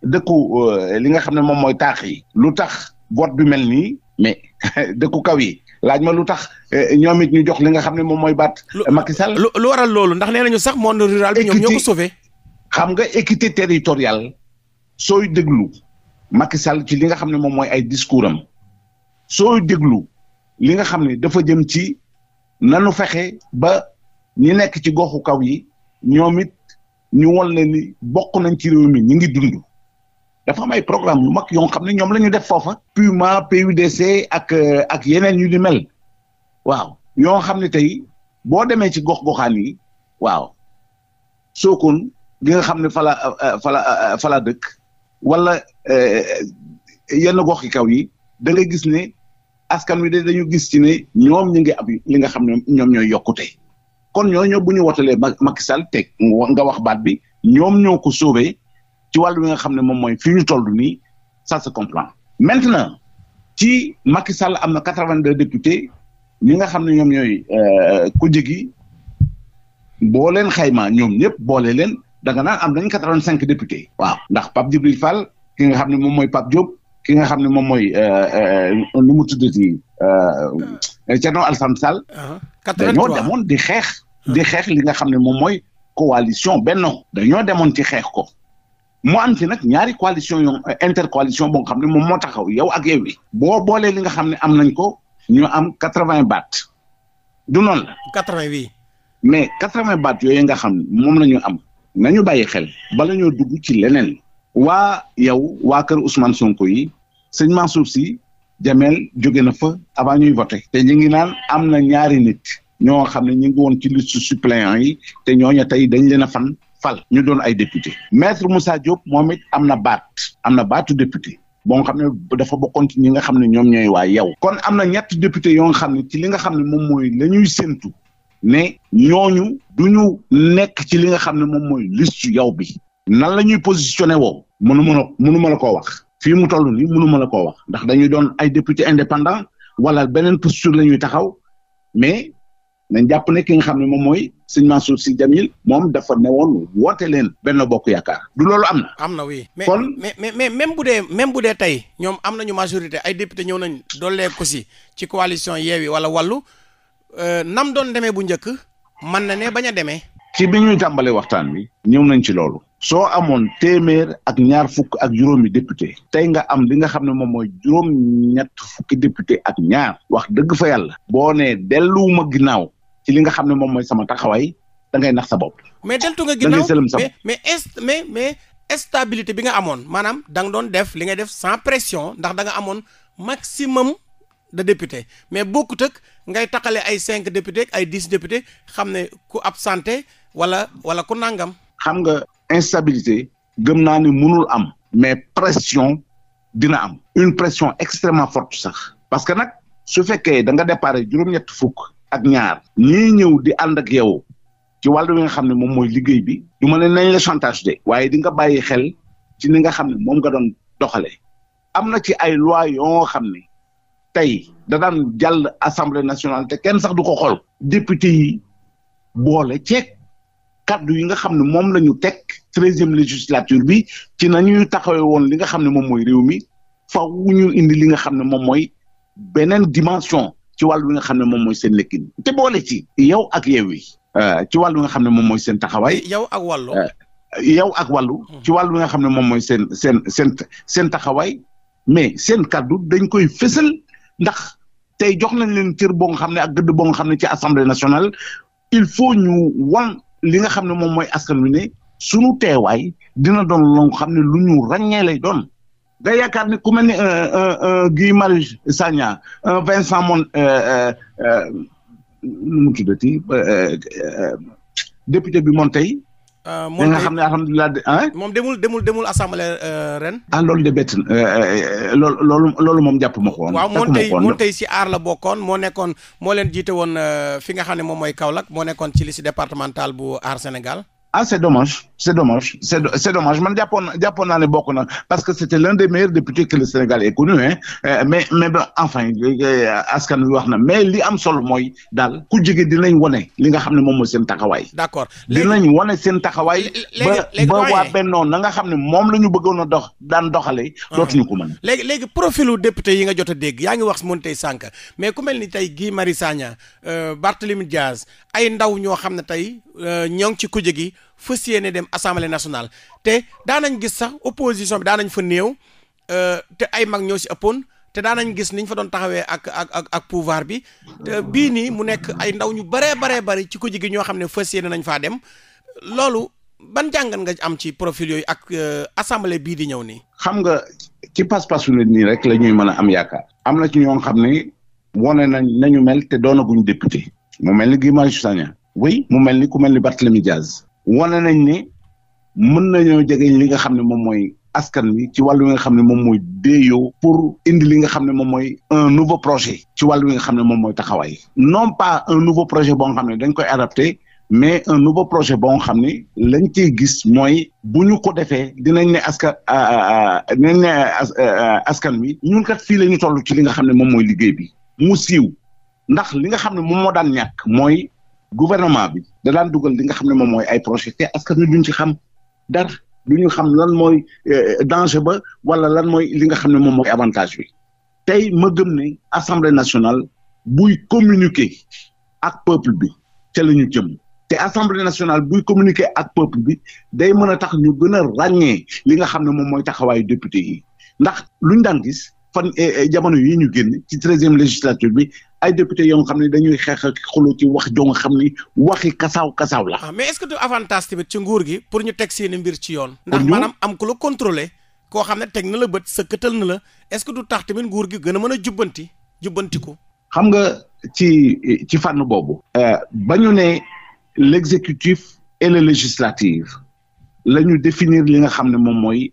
dëkku euh, li nga xam ne moom mooy taax yi. lu tax boîte bi mel nii mais [LAUGHS] dëkku kaw yi laaj ma lu tax eh, ñoom it ñu jox li nga xam ne moom mooy baat. Eh, Macky Sall lu waral loolu ndax nee ñu sax monde rural bi ñoom ñoo ko sauvé. xam nga équité territoriale sooy déglu Macky Sall ci li nga xam ne moom mooy ay discours am sooy déglu li nga xam ne dafa jëm ci nanu fexe ba ñi nekk ci goxu kaw yi ñoom it ñu won leen ni bokk nañ ci réew mi ñu ngi dund. dafa am ay programme yu mag yoo xam ne ñoom la ñu def foofa purement PUDC ak euh, ak yeneen yu ni mel waaw yoo xam ne tey boo demee ci gox-goxaan yi waaw Sokone gi nga xam ne fala euh, euh, fala fala dëkk wala yenn gox yi kaw yi da nga gis ne askan wi de dañu gis ci ne ñoom ñu ngi ab li nga xam ne ñoom ñooy yokkute kon ñooñu bu ñu wotalee Macky Sall teg nga wax baat bi ñoom ñoo ko sauvé ci wàllu bi nga xam ne moom mooy fi ñu toll nii ça maintenant ci Macky Sall am na quatre-vingt-deux députés ñi nga xam ne ñoom ñooy euh, kuje gi boo leen xayma ñoom ñëpp boole leen da nga am nañ quatre-vingt-cinq députés. waaw ndax Pape Djibril Fall ki nga xam ne moom mooy Pape Diop ki nga xam ne moom mooy euh, euh, nu mu tuddati Thierno sal Sall. Ah, ñoo demoon di xeex. di ah. xeex li nga xam ne moom mooy coalition Benno. dañoo demoon ci xeex ko. mo am ci nag ñaari coalition yo euh, intercoalition boo xam ne moom moo taxaw yow ak Yewwi boo boolee li nga xam ne am nañ ko ñu am quatre-vingts baat du noonu la. quatre-vingts mais quatre-vingts baat yooyu nga xam ne moom la ñu am nañu bàyyi xel bala ñoo dugg ci leneen waa yow waa kër Ousmane Sonko yi sëñ Mansour Sy Jamel jóge na fa avant ñuy voté te ñu ngi naan am na ñaari nit ñoo xam ne ñu ngi woon ci liste suppléant yi te ñooñu tey dañ leen a fan fal ñu doon ay député maître mussa Diop moom it am na baat am na baatu député bon xam ne dafa bokkoon ci ñi nga xam ne ñoom ñooy waa yow kon am na ñett député yoo xam ne ci li nga xam ne moom mooy la ñuy séntu ne ñooñu du ñu nekk ci li nga xam ne moom mooy liste yow bi nan la ñuy positionné woo mënu ma la mënu ma la koo wax fii mu toll nii mënu ma la koo wax ndax dañuy doon ay député indépendant wala beneen posture la ñuy taxaw mais nañ jàpp ne ki nga xam ne moom mooy sëñ Mansour Sy Djamil moom dafa ne woon woote leen benn bokk yaakaar du loolu am na. am na oui kon mais mais mais même bu dee même bu dee tey ñoom am nañu majorité ay député ñëw nañ dollee ko si ci coalition Yewwi wala wàllu euh, nam doon demee bu njëkk mën na ne bañ a demee. ci bi ñuy tàmbalee waxtaan bi ñëw nañ ci loolu. soo amoon téeméer ak ñaar fukk ak juróomi député tey nga am li nga xam ne moom mooy juróom ñett fukki député ak ñaar wax dëgg fa yàlla boo nee delluwuma ginnaaw ci li nga xam ne moom mooy sama taxawaay dangay ngay nax sa bopp. mais deltu nga ginnaaw da ngay sëlëm sa bopp mais mais mais mais stabilité bi nga amoon maanaam da nga doon def li ngay def sans pression ndax da nga amoon maximum de député mais boo bokkut ak ngay taxale ay cinq député ay dix député xam ne ku absenté wala wala ku nangam. xam nga instabilité gëm naa ni munul am. mais pression dina am. une pression extrêmement forte sax. parce que nag su fekkee danga nga déparé juróom-ñett fukk. ak ñaar ñii ñëw di ànd ak yow ci wàllu wi nga xam ne moom mooy liggéey bi du ma ne nañ la chantage de waaye di nga bàyyi xel ci ni nga xam ne moom nga doon doxale am na ci ay loi yoo xam ne tey da daan jàll assemblée nationale te kenn sax du ko xool député yi boole ceeg kaddu yi nga xam ne moom la ñu teg treizième législature bi ci nañuy taxawee woon li nga xam ne moom mooy réew mi faw ñu indi li nga xam ne moom mooy beneen dimension ci wàllu nga xam ne moom mooy seen lekkin te boole ci yow ak Yewwi euh, ci wàllu nga xam ne moom mooy seen taxawaay. yow ak wàllu. Euh, yow ak wàllu. Hmm. ci wàllu nga xam ne moom mooy seen seen seen seen taxawaay mais seen kaddu dañ koy fësal ndax tey jox nañ leen cër boo nga xam ne ak gëdd boo nga xam ne ci assemblée nationale il faut ñu wan li nga xam ne moom mooy askan wi ne sunu teewaay dina doon loo xam ne lu ñu ràññee lay doon. nga yaakaar ni ku mel ni un un un vingt Marius Sagna un euh, Vincent Mon euh, euh, nu mu député bi moom tey. moon nga xam ne alhamdulilah ah. moom demul demul demul assemblée ren. ah loolu de bett loolu loolu loolu moom jàpp ma ko woon. waaw moom tey si aar la bokkoon moo nekkoon moo leen jiite woon fi nga xam ne moom mooy Kaolack moo nekkoon ci si départementale bu aar Sénégal. ah c'est dommage. c'est dommage c'est c'est man jàppoon jàppoon naa ne bokk na parce que c'était l'un des meilleurs députés que le Sénégal ait connu hein euh, mais mais ba euh, askan wi wax na mais li am solo mooy daal ku jege dinañ wane li nga xam ne moom mooy seen taxawaay. d'accord dinañ wane seen taxawaay. ba ba na nga xam ne moom la ñu bëggoon a dox daan doxalee. Uh-huh. dootuñu ko mën. léegi léegi profilu député yi nga jot a dégg yaa ngi wax moom tey sànq mais ku mel ni tey Guy Marius Sagna euh, Barthélémy Dias ay ndaw ñoo xam ne tey ñoo ngi ci kuje gi. fas yéene dem assemblée national te daanañ gis sax opposition bi daanañ fa néew euh, te ay mag ñoo si ëppoon te daanañ gis niñ fa doon taxawee ak ak ak pouvoir bi te bii nii mu nekk ay ndaw ñu baree baree bari ci ko jigi ñoo xam ne fas yéene nañ faa dem loolu ban jàngat nga am ci profil yooyu ak euh, assemblée bii di ñëw nii. xam nga ci pas-pasu nit nii rek la ñuy mën a am yaakaar. am na ci ñoo xam ne wane nañ nañu mel te doonaguñ député. mu mel ni Guy Marius Sagna. oui mu mel ni ku mel ni Barthélémy Diaz. wane nañ ni mën nañoo jege li nga xam ne moom mooy askan wi ci wàllu wi nga xam ne moom mooy déeyoo pour indi li nga xam ne moom mooy un nouveau projet ci wàllu wi nga xam ne moom mooy taxawaay non pas un nouveau projet boo nga xam ne dañ koy adapté mais un nouveau projet boo nga xam ne lañ ciy gis mooy bu ñu ko defee dinañ ne aska askan dinañ ne askan wi ñun ka fii la ñu toll ci li nga xam ne moom mooy liggéey bi mu siiw ndax li nga xam ne moom moo daan ñàkk mooy gouvernement bi da daan dugal li nga xam ne moom mooy ay projet te askan wi duñ dara du ñu xam lan mooy euh, danger ba wala lan mooy li nga xam ne moom mooy avantage bi tey ma gëm ne assemblée nationale buy communiquer ak peuple bi ca la ñu jëm te assemblée nationale buy communiquer ak peuple bi day mën a tax ñu gën a ràññee li nga xam ne moom mooy taxawaayu député yi ndax luñ daan fan eh, eh, jamono yi ñu génn ci treizième législature bi ay député yoo xam ne dañuy xeex ak xuloo ci wax joo nga xam ni waxi kasaaw kasaaw la. Ah, mais est-ce que du avantage tamit ci nguur gi pour ñu teg seeni mbir ci yoon. ndax maanaam am ku la contrôler koo xam ne teg na la bët sëkkatal na la est-ce que du tax tamit nguur gi gën a mën a jubbanti jubbantiku. xam nga ci ci fànn boobu. Eh, ba ñu ne l'exécutif et le législatif la définir li nga xam ne moom mooy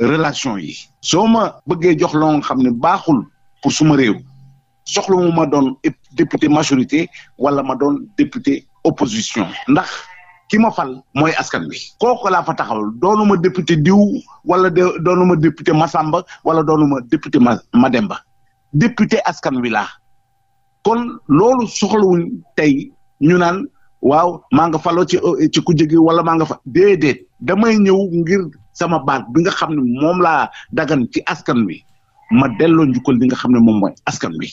relation yi soo ma bëggee jox loo xam ne baaxul pour suma réew soxla ma doon député majorité wala ma doon député opposition ndax ki ma fal mooy askan wi kooku laa fa taxawal doonuma député diw wala doonuma député Masamba wala doonuma député Mademba député askan wi laa kon loolu soxlawuñ tey ñu naan waaw maa nga faloo ci ku jege wala maa nga fa déedéet damay ñëw ngir sama baat bi nga xam ne moom laa dagan ci askan wi ma delloo njukkal li nga xam ne moom mooy askan wi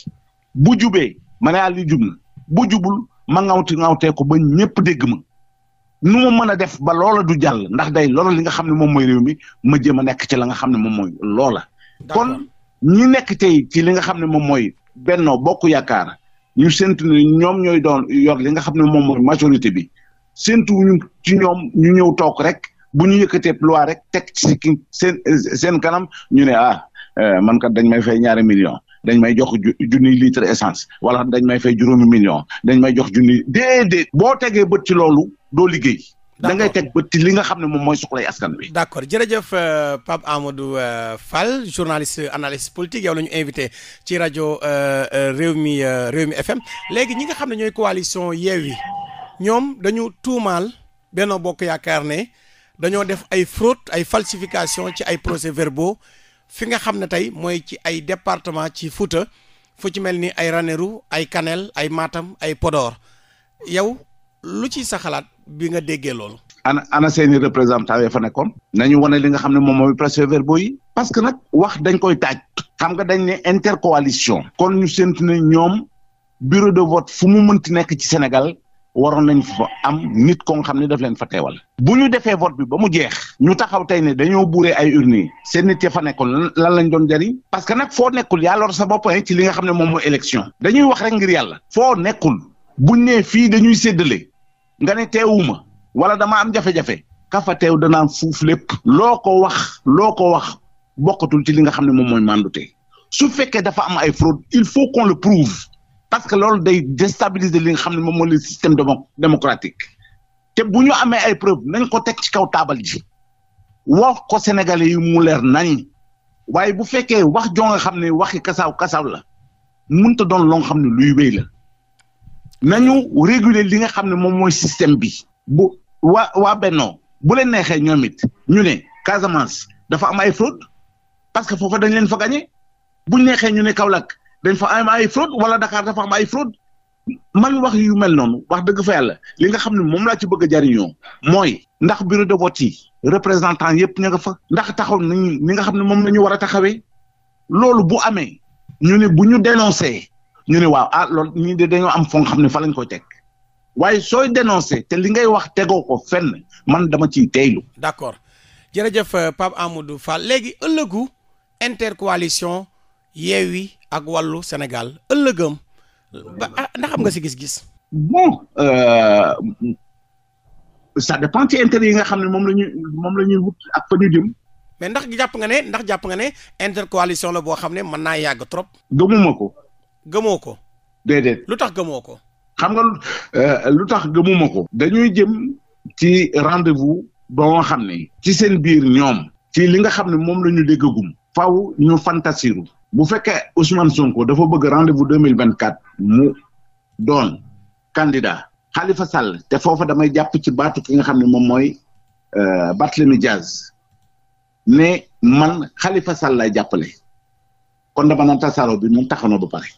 bu jubee ma ne li jub na bu jubul ma ŋawti ŋawtee ko ba ñëpp dégg ma nu mën a def ba loola du jàll ndax day loola li nga xam ne moom mooy réew mi ma jéem a nekk ci la nga xam ne moom mooy loola. kon ñi nekk tey ci li nga xam ne moom mooy Benno Bokk Yaakaar ñu séntu ñoom ñooy doon yor li nga xam ne moom mooy majorité bi séntu ci ñoom ñu ñëw toog rek. bu ñu yëkkatee loi rek teg ci seen seen kanam ñu ne ah euh, man kat dañ may fay ñaari million dañ may jox juni litre essence wala dañ may fay juróomi million dañ may jox junni déedéet boo tegee bët ci loolu doo liggéey. da ngay teg bët li nga xam ne moom mooy soxlay askan bi d' accord jërëjëf euh, Pape Amadou euh, Fall journaliste analyste politique yow la ñu invité ci rajo réew mi réew mi FM léegi ñi nga xam ne ñooy coalition Yewwi ñoom dañu tuumaal Benno Bokk Yaakaar ne dañoo def ay fraude ay falsification ci ay procès verbaux fi nga xam ne tey mooy ci ay département ci Fouta fu ci mel ni ay raneru ay Kanel ay maatam ay Podor yow lu ci sa xalaat bi nga déggee loolu. ana ana seeni représentant ya fa nekkoon. nañu wane li nga xam ne moom mooy procès verbaux yi. parce que nag wax dañ koy taaj. xam nga dañ ne intercoalition. kon ñu séntu ne ñoom bureau de vote fu mu mënti nekk ci Sénégal. waroon nañ fa am nit ko xam ne daf leen fa teewal. bu ñu defee vote bi ba mu jeex. ñu taxaw tey ne dañoo buuree ay urnes yi. seen nit ya fa nekkoon lan lañ doon jariñ parce que nag foo nekkul yaa sa bopp ci li nga xam ne moom mooy élection. dañuy wax rek ngir yàlla. foo nekkul buñ ne fii dañuy séddale nga ne teewuma wala dama am jafe-jafe ka fa teew danaan fuuf lépp. loo ko wax loo ko wax bokkatul ci li nga xam ne moom mooy mandute su fekkee dafa am ay fraude il faut qu'on parce que loolu day déstabiliser li nga xam ne moom mooy le système démocratique te bu ñu amee ay preuve nañ ko teg ci kaw taabal ji wax ko sénégalais yi mu leer nañ waaye bu fekkee wax joo xam ne waxi kasaaw kasaw la mënut a doon loo xam ne luy wéy la nañu réguler li nga xam ne moom mooy système bi. bu wa waa Benno bu leen neexee ñoom it ñu ne Casamance dafa am ay fraude parce que foofa dañ leen fa gagné buñ neexee ñu ne Kaolack dañ fa am ay fraude wala Dakar dafa am ay fraude man wax yu mel noonu wax dëgg fa yàlla li nga xam ne moom laa ci bëgg a jariñoo mooy ndax bureau de vote yi représentant yëpp ña nga fa ndax taxaw nañu ni nga xam ne moom la ñu war a taxawee loolu bu amee ñu ne bu ñu dénoncé ñu ne waaw a ah lo ñii de dañoo am foo xam ne fa lañ ko teg waaye sooy dénoncé te li ngay wax tegoo ko fenn man dama ciy teylu. d'accord jërëjëf Pape Amadou fa léegi ëllëgu intercoalition. Yewwi ak wàllu Sénégal ëllëgëm ba ah, ndax xam nga si gis-gis. bon euh, ça dépend ci intérêt yi nga xam ne moom la ñuy moom la ñuy wut ak fa ñu jëm. mais ndax jàpp nga ne ndax jàpp nga ne intercoalition la boo xam ne mën naa yàgg trop. gëmuma ko. gëmoo ko. déedéet lu tax gëmoo ko. xam nga lu euh, tax gëmuma ko. dañuy jëm ci rendez-vous ba nga xam ne. ci seen biir ñoom. ci li nga xam ne moom la ñu déggagum. faw ñu fantasiru bu fekkee Ousmane Sonko dafa bëgg rendez-vous deux mille vingt quatre mu doon kandida xalifa Sall te foofa damay jàpp ci baatu ki nga xam ne moom mooy euh, Barthélémy Diaz ne man Khalifa Sall lay jàppale kon dama naan tasaaroo bi mu taxaw na ba pare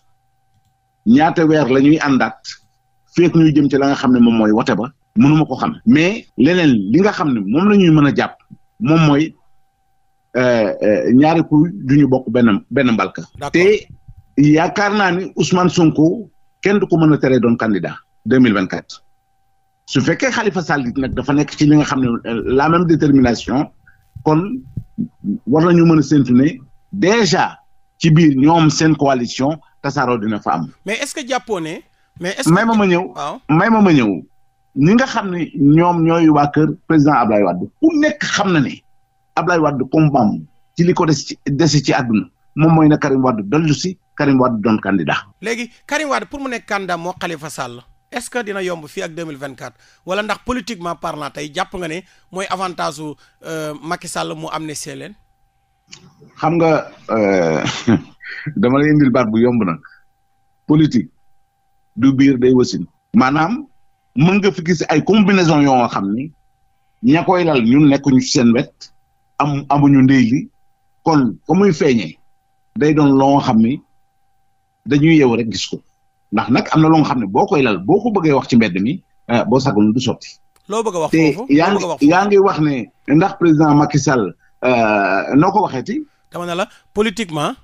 ñaata weer la ñuy àndaat feek ñuy jëm ci la nga xam ne moom mooy wote ba mënuma ko xam mais leneen li nga xam ne moom la ñuy mën a jàpp moom mooy Euh, euh, ñaari du ñu bokk benn benn mbalka te yaakaar naa ni Ousmane Sonko kenn du ko mën a teree doon candidat deux mille vingt quatre su fekkee Khalifa Sall nag dafa nekk ci li nga xam ne euh, la même détermination kon war nañu mën a séntu ne déjà ci biir ñoom seen coalition saro dina fa am. mais est-ce que jàppoo ne. mais est-ce que may ma ma ñëw. may ma ma ñëw. ni nga xam ne ñoom ñooy waa kër président Ablaye Wade ku nekk xam na ne. Ablaye Wade combat ci li ko des ci des ci adduna moom mooy na Karim Wade dollu si Karim Wade doon candidat. léegi Karim Wade pour mu nekk candidat moo Khalifa Sall est-ce que dina yomb fi ak deux mille vingt quatre wala ndax politiquement parlant tey jàpp nga ne mooy avantage su euh, Macky Sall mu amnistie leen. xam nga euh, [LAUGHS] dama lay indil baat bu yomb nag politique du biir day wasin. maanaam mën nga fi gis ay combinaison yoo nga xam ni ñakoy koy lal ñun nekkuñu seen wet. am amuñu ndey li kon ka muy feeñee day doon loo xam ni dañuy yew rek gis ko ndax nag am na loo xam ne boo koy lal boo ko bëggee wax ci mbedd mi ah, boo sàggoon du sotti. loo bëgg a wax foofu te yaa ngi yaa ngi wax ne ndax président Macky Sall ah, noo ko waxeeti. dama ne la politiquement.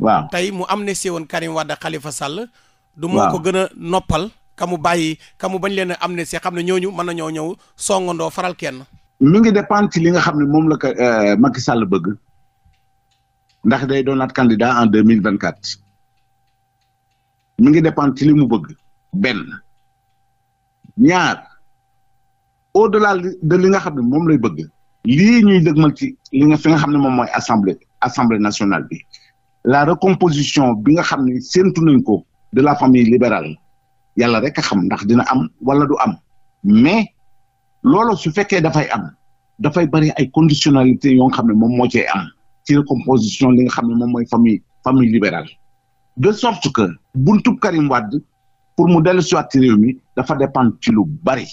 waaw tey mu amnistie woon Karim Wade Khalifa Sall. du moo ko gën noppal. ka mu bàyyi ka mu bañ leen a amnistie xam ne ñooñu mën na ñoo ñëw songandoo faral kenn. mi ngi dépendre li nga xam ne moom la ko euh, Macky Sall bëgg ndax day doonaat candidat en deux mille vingt quatre mi ngi dépendre ci li mu bëgg benn ñaar de delà de li nga xam ne moom lay bëgg li ñuy dëgmal ci fi nga xam ne moom mooy assemblée assemblée nationale bi la recomposition bi nga xam ne séntu nañ ko de la famille libérale yàlla rek a xam ndax dina am wala du am mais loolu su fekkee dafay am dafay bari ay conditionnalité yoo nga xam ne moom moo cee am ci recomposition li nga xam ne moom mooy famille famille libérale de sorte que buntu Karim Wade pour mu dellu si waat réew mi dafa dépendre ci lu bari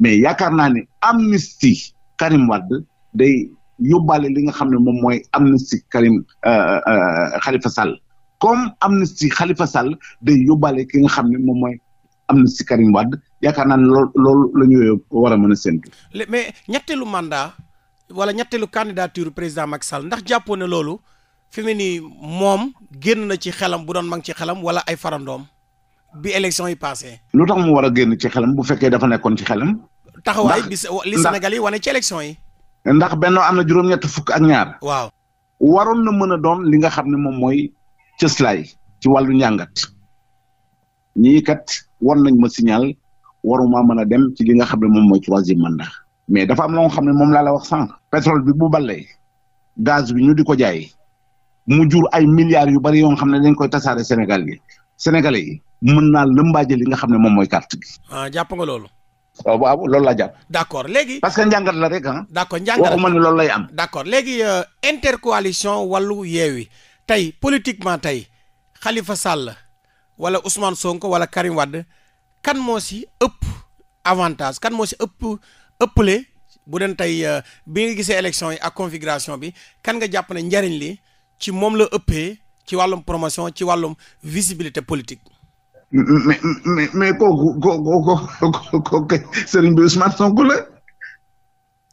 mais yaakaar naa ne amnistie Karim Wade day yóbbaale li nga xam ne moom mooy amnistie Karim euh, euh, euh, Khalifa Sall comme amnistie Khalifa Sall day yóbbaale ki nga xam ne moom mooy am na si Karim Wade yaakaar naa ne loolu loolu la ñu war a mën a mais ñetteelu mandat wala ñetteelu candidature président mac Sall ndax jàppoo ne loolu fi mu moom génn na ci xelam bu doon mag ci xelam wala ay farandoom bi élection yi passé lu tax mu war a génn ci xelam bu fekkee dafa nekkoon ci xelam. taxawaay bi li Sénégal yi wane ci élection yi. ndax benn am na juróom-ñett fukk ak ñaar. waaw waroon na mën a doom li nga xam ne moom mooy cëslaay ci wàllu njàngat ñii kat war nañ ma signal waruma mën a dem ci li nga xam ne moom mooy troisième mandat mais dafa am loo xam ne moom laa la wax sànq pétrole bi bu ballee gaz bi ñu di ko jaay mu jur ay milliards yu bari yoo xam ne dañ koy tasaare Sénégal gi Sénégalais yi mën naa lëmbaaje li nga xam ne moom mooy carte bi. ah jàpp nga loolu. waaw waaw loolu laa jàpp. d' accord léegi. que njàngat la rek ah. d' accord njàngat waxuma ne loolu lay am. d' accord léegi euh, intercoalition wàllu yeewi tey politiquement tey Khalifa Sall. wala Ousmane Sonko wala Karim wadd kan moo si ëpp avantage kan moo si ëpp ëpple bu den tey euh, bi nga gisee élection yi ak configuration bi kan nga jàpp ne njariñ li ci moom la ëppee ci wàllum promotion ci wàllum visibilité politique. mais mais mais kooku kooku kooku sëriñ bi Ousmane Sonko la.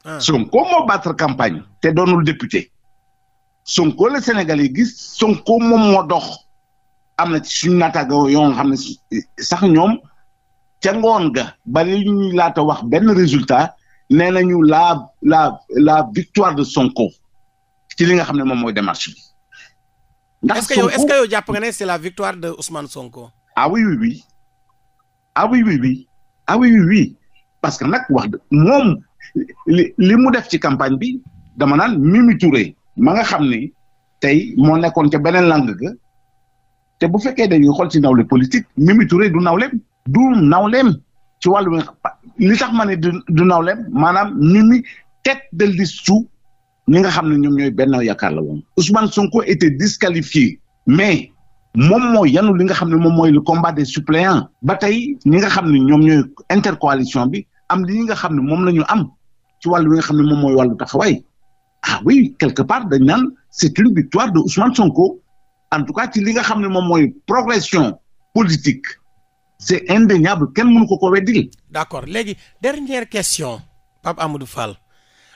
Ah. Sonko moo battre Sonko la Sénégal yi gis Sonko moom moo dox. am na ci suñu naataangoo yoo nga xam ne sax ñoom ca ngoon ga bari laata wax benn résultat nee nañu la la la victoire de Sonko ci li nga xam ne moom mooy démarche bi. ndax est-ce que yow jàpp nga ne c'est la victoire de osman Sonko. a ah oui oui oui ah oui oui ah parce que nag wax moom li li mu def ci campagne bi dama naan Mimi Touré ma nga xam ni tey moo nekkoon ca beneen lang ga te bu fekkee dañuy xool ci nawle politique Mimi Touré du nawleem du nawleem ci wàllu li tax ma ne du du nawleem maanaam Mimi tête de liste su ñi nga xam ne ñoom ñooy Benno Yaakaar la woon Ousmane Sonko était disqualifié mais moom moo yanu li nga xam ne moom mooy lu combat des suppléants ba tey ñi nga xam ne ñoom ñooy intercoalition bi am li nga xam ne moom la ñu am ci wàllu wi nga xam ne moom mooy wàllu taxawaay ah oui quelque part dañ naan c'est une victoire Sonko en tout cas ci li nga xam ne moom mooy progression politique c'est indéniable kenn mënu ko ko weddil d'accord léegi dernière question Pape Amadou Fall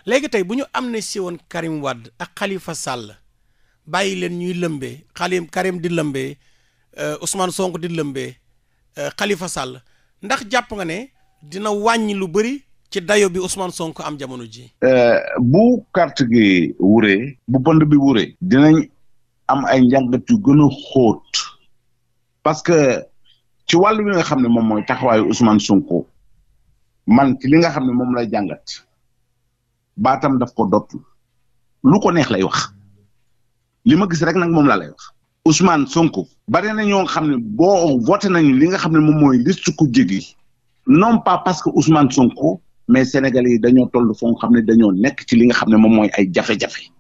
léegi tey bu ñu amnistie woon Karim Wade ak Khalifa Sall bàyyi leen ñuy lëmbee Xalim Karim di lëmbee uh, Ousmane di lëmbee uh, Sall ndax jàpp nga ne dina wàññi lu bëri ci dayo bi Ousmane sonk am jamono ji. Uh, bu carte gi wuree bu pënd bi wuree am ay njàngat yu gën a xóot parce que ci wàllu wi nga xam ne moom mooy taxawaay Ousmane Sonko man ci li nga xam ne moom lay jàngat baatam daf ko dottu lu ko neex lay wax li ma gis rek nag moom la lay wax Ousmane Sonko bare na ñoo xam ne boo voté nañu li nga xam ne moom mooy liste ku jéggi non pas parce que Ousmane Sonko mais Sénégalais yi dañoo toll foo xam ne dañoo nekk ci li nga xam ne moom mooy ay jafe-jafe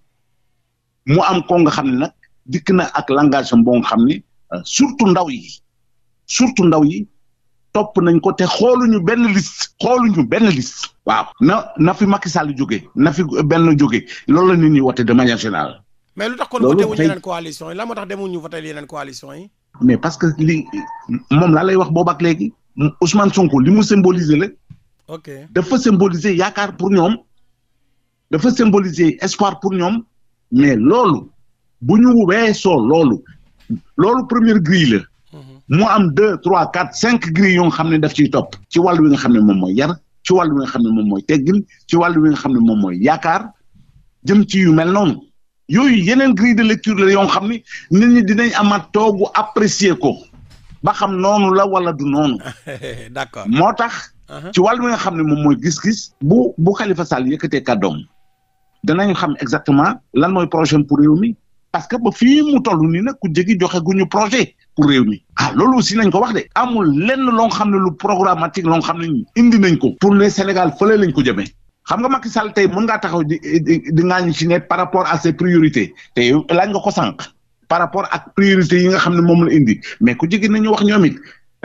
mu am ko nga xam ne nag dikk na ak langage am boo xam ne euh, surtout ndaw yi surtout ndaw yi topp nañ ko te xoolu ñu benn xoolu ñu benn liste waaw na na fi Macky Sall na fi benn jógee loolu la nit ñi wote de manière générale mais lu tax kon voté wuñu yeneen coalition yi la moo tax demuñu voté yeneen coalition yi mais parce que li moom laa lay wax boobu ak léegi Ousmane Sonko li mu symboliser la ok dafa symboliser yaakaar pour ñoom dafa symboliser espoir pour ñoom mais loolu bu ñu weesoo loolu loolu première grille la mhm. mu am deux trois quatre cinq grilles yoo xam ne daf ciy topp ci wàll wi nga xam ne moom mooy yar ci wàll wi nga xam ne moom mooy teggin ci wàll wi nga xam ne moom mooy yaakaar jëm ci yu mel noonu yooyu yeneen grille de lecture la yoo xam ne ni dina dinañ amaat toogu apprécier ko ba xam noonu la wala du noonu [LAUGHS] d'accord moo tax uh-huh. ci wàll wi nga xam ne moom mooy gis-gis bu bu Khalifa Sall yëkkatee kàddoom danañu xam exactement lan mooy projet pour réew parce que ba fii mu toll nii nag ku jegi joxe gu ñu projet pour réew mi ah loolu aussi ko wax de amul lenn loo xam ne lu programmatique loo xam ne indi nañ ko pour ne Sénégal fële lañ ko jëmee xam nga Macky Sall mën ngaa taxaw di di ngaañ ci par rapport a ses priorités te laaj nga ko sànq par rapport ak priorité yi nga xam ne moom la indi mais ku jegi nañu wax ñoom it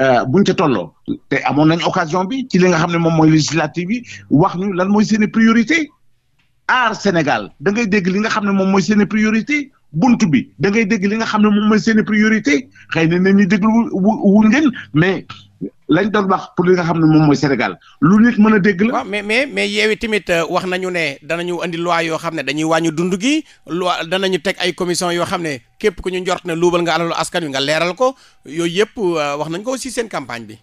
euh, buñ ca tolloo te amoon nañ occasion bi ci li nga xam ne moom mooy législative bi wax ñu lan mooy seen priorité aar Sénégal da ngay dégg li nga xam ne moom mooy seen priorité bunt bi da ngay dégg li nga xam ne moom mooy seeni priorité xëy na nañu déglu wuñ leen mais lañ doon baax pour li nga xam ne moom mooy Sénégal lu nit mën a dégg la. waaw mais mais mais yeewi tamit euh, wax nañu ne danañu indi loi yoo xam ne dañuy wàññi dund gi loi danañu teg ay commission yoo xam ne képp ku ñu njort ne luubal nga alalu askan wi nga leeral ko yooyu yëpp euh, wax nañ ko aussi seen campagne bi.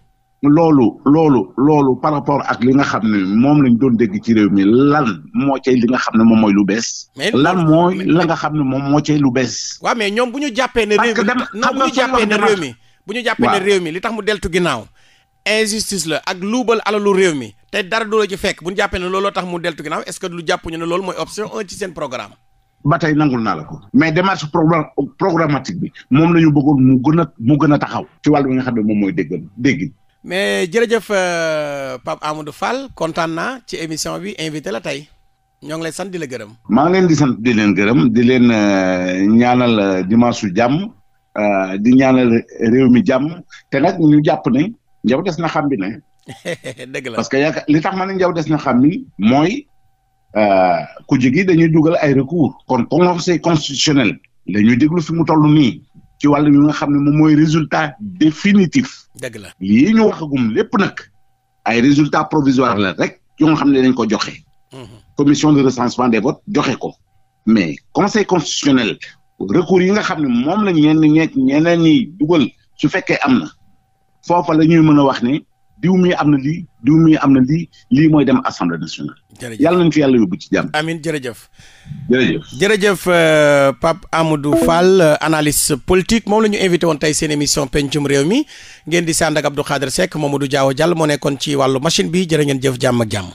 loolu loolu loolu par rapport ak li nga xam ne moom lañ doon dégg ci réew mi lan moo cay li nga xam ne moom mooy lu bees. lan mooy la nga xam ne moom moo cay lu bees. waaw mais ñoom bu ñu jàppee ne. réew mi non bu ñu jàppee bu ñu jàppee ne réew mi li tax mu deltu ginnaaw. injustice la ak luubal alalu réew mi te dara du la fekk bu ñu jàppee ne looloo tax mu deltu ginnaaw est-ce que lu jàpp ñu loolu mooy option un seen programme. ba tey nangul naa la ko mais démarche programmatique bi moom la ñu bëggoon mu gën a mu gën a taxaw ci wàllu nga xam ne moom mooy dégg dégg mais jërëjëf euh, Pape Amadou Fall kontaan naa ci émission bi invité la tey ñoo ngi lay sant di la gërëm. maa ngi leen di sant di leen gërëm di leen euh, ñaanal euh, dimanche su jàmm di ñaanal réew mi jàmm te nag ñu jàpp ne njaw des na xam bi ne. [LAUGHS] dëgg la que yaakaar li tax ma ne njaw des na xam bi mooy ku jigi dañuy dugal ay recours. kon conseil constitutionnel dañuy déglu fi mu toll nii. ci wàllu yu nga xam ne moom mooy résultat définitif. dëgg la lii ñu lépp nag ay résultat provisoire la rek yu nga xam ne dañ ko joxe. Mhm. commission de recensement des votes joxe ko. mais conseil constitutionnel recours yi nga xam ne moom la ñenn ñeent ñeneen ñi dugal su fekkee am na foofa la ñuy mën a wax ne diw mi am na li diw mi am na lii lii mooy dem assemblée nationale. jërëjëf yàlla nañ fi yàlla yóbbu ci jàmm. amiin jërëjëf. jërëjëf jërëjëf euh, Pape Amadou Fall euh, analyste politique moom la ñu invité woon tey seen émission pencum réew mi ngeen di sànd ak Abdou Khadre Seck du Diaw Diallo moo nekkoon ci wàllu machine bi jërë ngeen jëf jàmm ak jàmm.